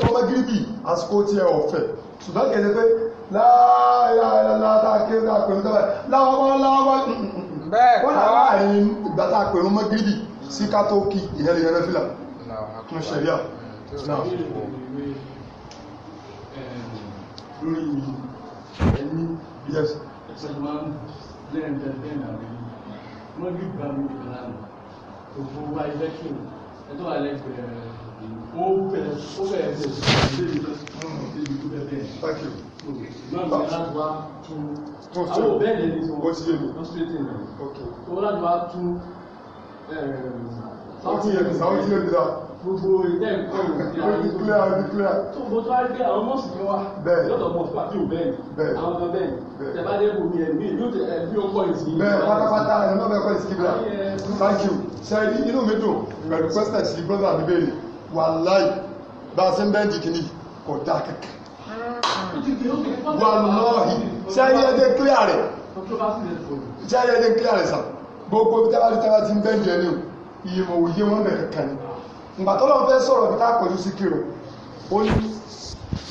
tó bá gíríbì àsìkò tí ẹ ọ̀fẹ́ ṣùgbọ́n kì í ṣe pé láàárín sí ká tó kí ìyẹn lè yẹn lẹ́fìlà ní ṣẹ̀ríà náà lórí ẹni bí ẹsẹ̀ máa ń lẹ́yìn tẹ́lẹ̀ náà rí wọ́n bí bá mi kàn án òfin wáyé lẹ́kìnnì tó wà lẹ́gbẹ̀ẹ́ eh, ó bẹ̀rẹ̀ ó bẹ̀rẹ̀ ṣe ṣe ìdílé ìdílé ìdílé bẹ́ẹ̀. thank you. ṣùgbọ́n mi láti wá tú àwọn bẹ́ẹ̀ lè ní tí wọ́n ti yé eh, mi. wọ́n ti yé mi. ok. ó láti wá tú. sáwọn ti yé mi sáwọn ti yé mi dáa gbogbo ìtẹ́ nǹkan ìròyìn àwọn ìdílé àwọn ìdílé tó bó tó wá rí àwọn mọ́sì kan wà lọ́dọ̀ mọ́ fún àti òbẹ́ẹ̀ ni àwọn ọmọ bẹ́ẹ̀ ni tẹ̀bá dé bò mí ẹ̀ mí yóò tẹ̀ bí ó kọ́ pátápátá ẹ̀ náà bẹ́ẹ̀ kọ́ ìsìn kíbla thank you sẹ́ẹ̀dì inú mi dùn pẹ̀lú pẹ́sítà tí brọ́dà mi béèrè wàláì bá a ṣe ń bẹ́ẹ̀ jì kìíní kò dá kẹ̀kẹ́ wàláì sẹ́yìn ẹ̀dẹ́ clear rẹ̀ sẹ́yìn ẹ̀dẹ́ clear rẹ̀ sà gbogbo tẹ́wájú tẹ́wájú ń bẹ́ẹ̀ jẹ́ ní ìmọ̀ òye wọn bẹ̀rẹ̀ kan ni ìgbà tó lọ́n fẹ́ sọ̀rọ̀ bí táàkọ̀jú sí kírò ó ní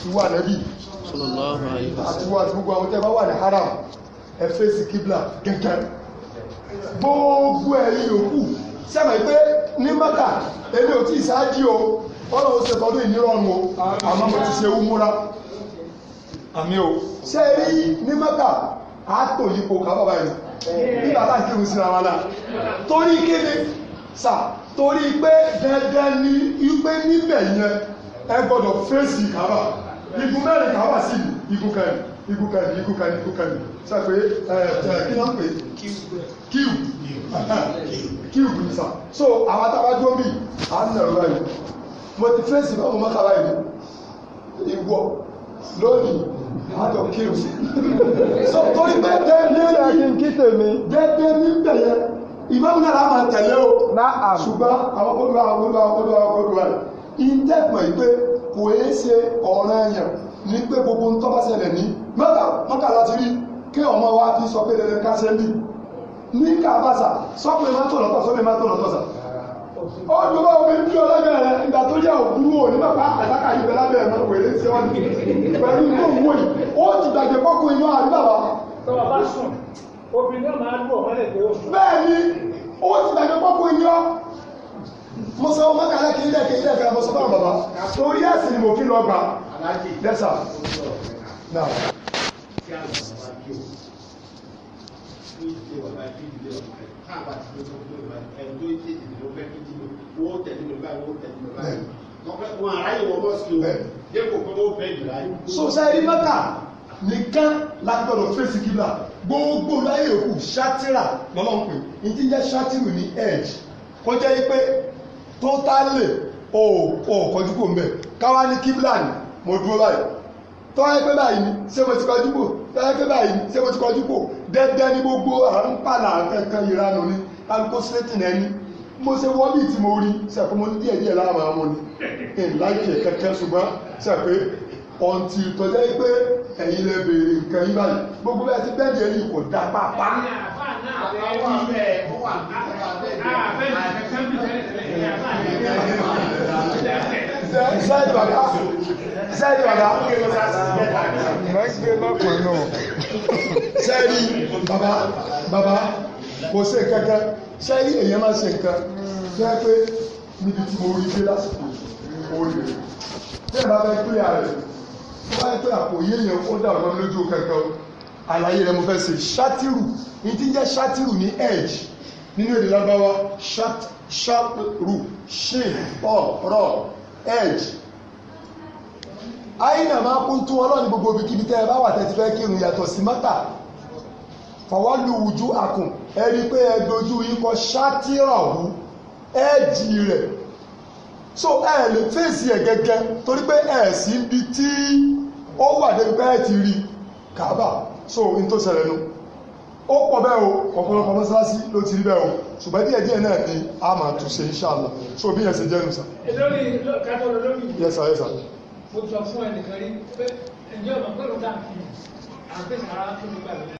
ìwà nẹ́bí àti wà tí gbogbo àwọn tẹ́ bá wà ní haram ẹ fèsì kíblà gẹ́gẹ́ gbogbo ẹ̀yìn yòókù sẹ́mi pé ní mẹ́ta èmi ò tí ì ṣáájú o ọlọ́run ṣe tọdún ìnírọ̀rùn o àmọ́ mo ti ṣe ewu múra àmì o ṣe rí ní mẹ́ta àtò yípo kábàbà yìí bí bàbá kírun síra wa náà torí kéde torí pé dandan ni wípé níbẹ̀ yẹn ẹ gbọ́dọ̀ fèsì kàbà igun mẹ́rin kàbà sí igun kan igun kan igun kan igun kan sàpé ẹ ẹ kí ló ń pè kíw kíw ní sà so àwọn táwa dúró bì á ń nà lọ́wọ́ yìí mo ti fèsì báwo mọ́ kàbà yìí ìwọ lónìí àjọ kíw so torí pé dẹ́ẹ́dẹ́ ní dẹ́ẹ́dẹ́ ní bẹ̀yẹn ìmáàmù náà láwọn máa tẹ̀lé o ṣùgbọ́n àwọn olùwà àwọn olùwà àwọn olùwà àwọn olùwà ìtẹ̀pọ̀ yìí pé kò é ṣe ọ̀ràn ẹ̀yàn ní pé gbogbo ń tọ́ba ṣẹlẹ̀ ní mọ́tà láti rí kí ọmọ wa fi sọ pé dandan ká ṣe ń bì ní kàbàṣà sọ́kùnrin máa tó lọ́tọ̀ sọ́kùnrin máa tó lọ́tọ̀ sà ọdún bá omi bí ọlọ́gbẹ̀ rẹ̀ ìgbà tó yà òkúrú òní bàbá àtàkà ìbẹ̀ lábẹ́ ẹ̀mọ́ wèrè tí wọ́n ní pẹ̀lú ìgbóhùn wòyí ó ti gbàgbé kọ́kùnrin náà àbí bàbá obìnrin náà máa lù ọ̀mọ́lẹ̀ pé ó sùn. bẹ́ẹ̀ ni owó ti gbàgbé pọ́pọ́ iye ọ́ mo sọ ọmọ kàlá kì í dẹ̀ kì í dẹ̀ kàlá mo sọ fún bàbá torí ẹ̀sìn ni mo fi lọ gbà lẹ́sà náà. so sẹ́yìn mẹ́ta nìkan la gbọ́dọ̀ fèsì kíbla gbogbo láyé òkú ṣátìrà lọ́lọ́pẹ̀ ìdí jẹ́ ṣátìrù ní edge kó jẹ́ pé tótálè ò kọjú kò mbẹ̀ káwá ní kíbla ni mo dúró báyìí tọ́wọ́ pé báyìí ni ṣé mo ti kọjú kò tọ́wọ́ pé báyìí ni ṣé mo ti kọjú kò dẹ́dẹ́ ní gbogbo àrùn pàlà kankan ìranù ni kálukó sírétì náà ni mo ṣe wọ́n bíi tí mo rí ṣàpé mo ní díẹ̀ díẹ̀ lára màá mo ní ìlàjẹ̀ kẹ̀kẹ́ ṣùgbọ́n ṣàpé ọ̀ǹtì ìtọ́jẹ́ pé ẹ̀yin lè béèrè nǹkan yín báyìí gbogbo bẹ́ẹ̀ ti bẹ́ẹ̀ yẹn yìí kò dá pápá. sẹ́ẹ̀dì bàbá sẹ́ẹ̀dì bàbá sẹ́ẹ̀dì bàbá bàbá kò ṣe kankan sẹ́ẹ̀dì èèyàn máa ṣe nǹkan fẹ́ pé níbi tí mo rí dé lásìkò òòlù tí ẹ bá fẹ́ pílẹ̀ rẹ̀ tó bá yẹ pé àpò yé yẹn ó dà wọn lójú o àlàyé rẹ mo fẹ́ ṣe ṣátìrù ní ti jẹ́ ṣátìrù ní edge nínú èdè lábáwá ṣátìrù ṣe ọ̀rọ̀ edge àyìnà máa kún tún ọlọ́ọ̀ni gbogbo ibi kíbi tẹ́ ẹ bá wà tẹ́ ti fẹ́ kírun yàtọ̀ sí mọ́tà fọwọ́lù ojú akùn ẹ rí i pé ẹ dojú yín kọ ṣátìrọ̀ ọ̀hún ẹ̀ẹ́dì rẹ̀ so ẹ lè fèsì ẹ̀ gẹ́gẹ́ torí pé ẹ̀ sí ibi tí ó wà débi pé ẹ̀ ti rí kàábà so n tó ṣẹlẹ̀ nu ó pọ̀ bẹ́ẹ̀ o ọ̀pọ̀lọpọ̀ mọ́sálásí ló ti rí bẹ́ẹ̀ o ṣùgbọ́n díẹ̀ díẹ̀ náà ni a máa tún ṣe inshallah so bí yẹn ṣe jẹ́ nùsà. lórí kájọ lórí. yes mo sọ fún ẹnìkan rí pé ẹjọ́ ìmọ̀ pẹ̀lú táà fi àgbẹ̀sára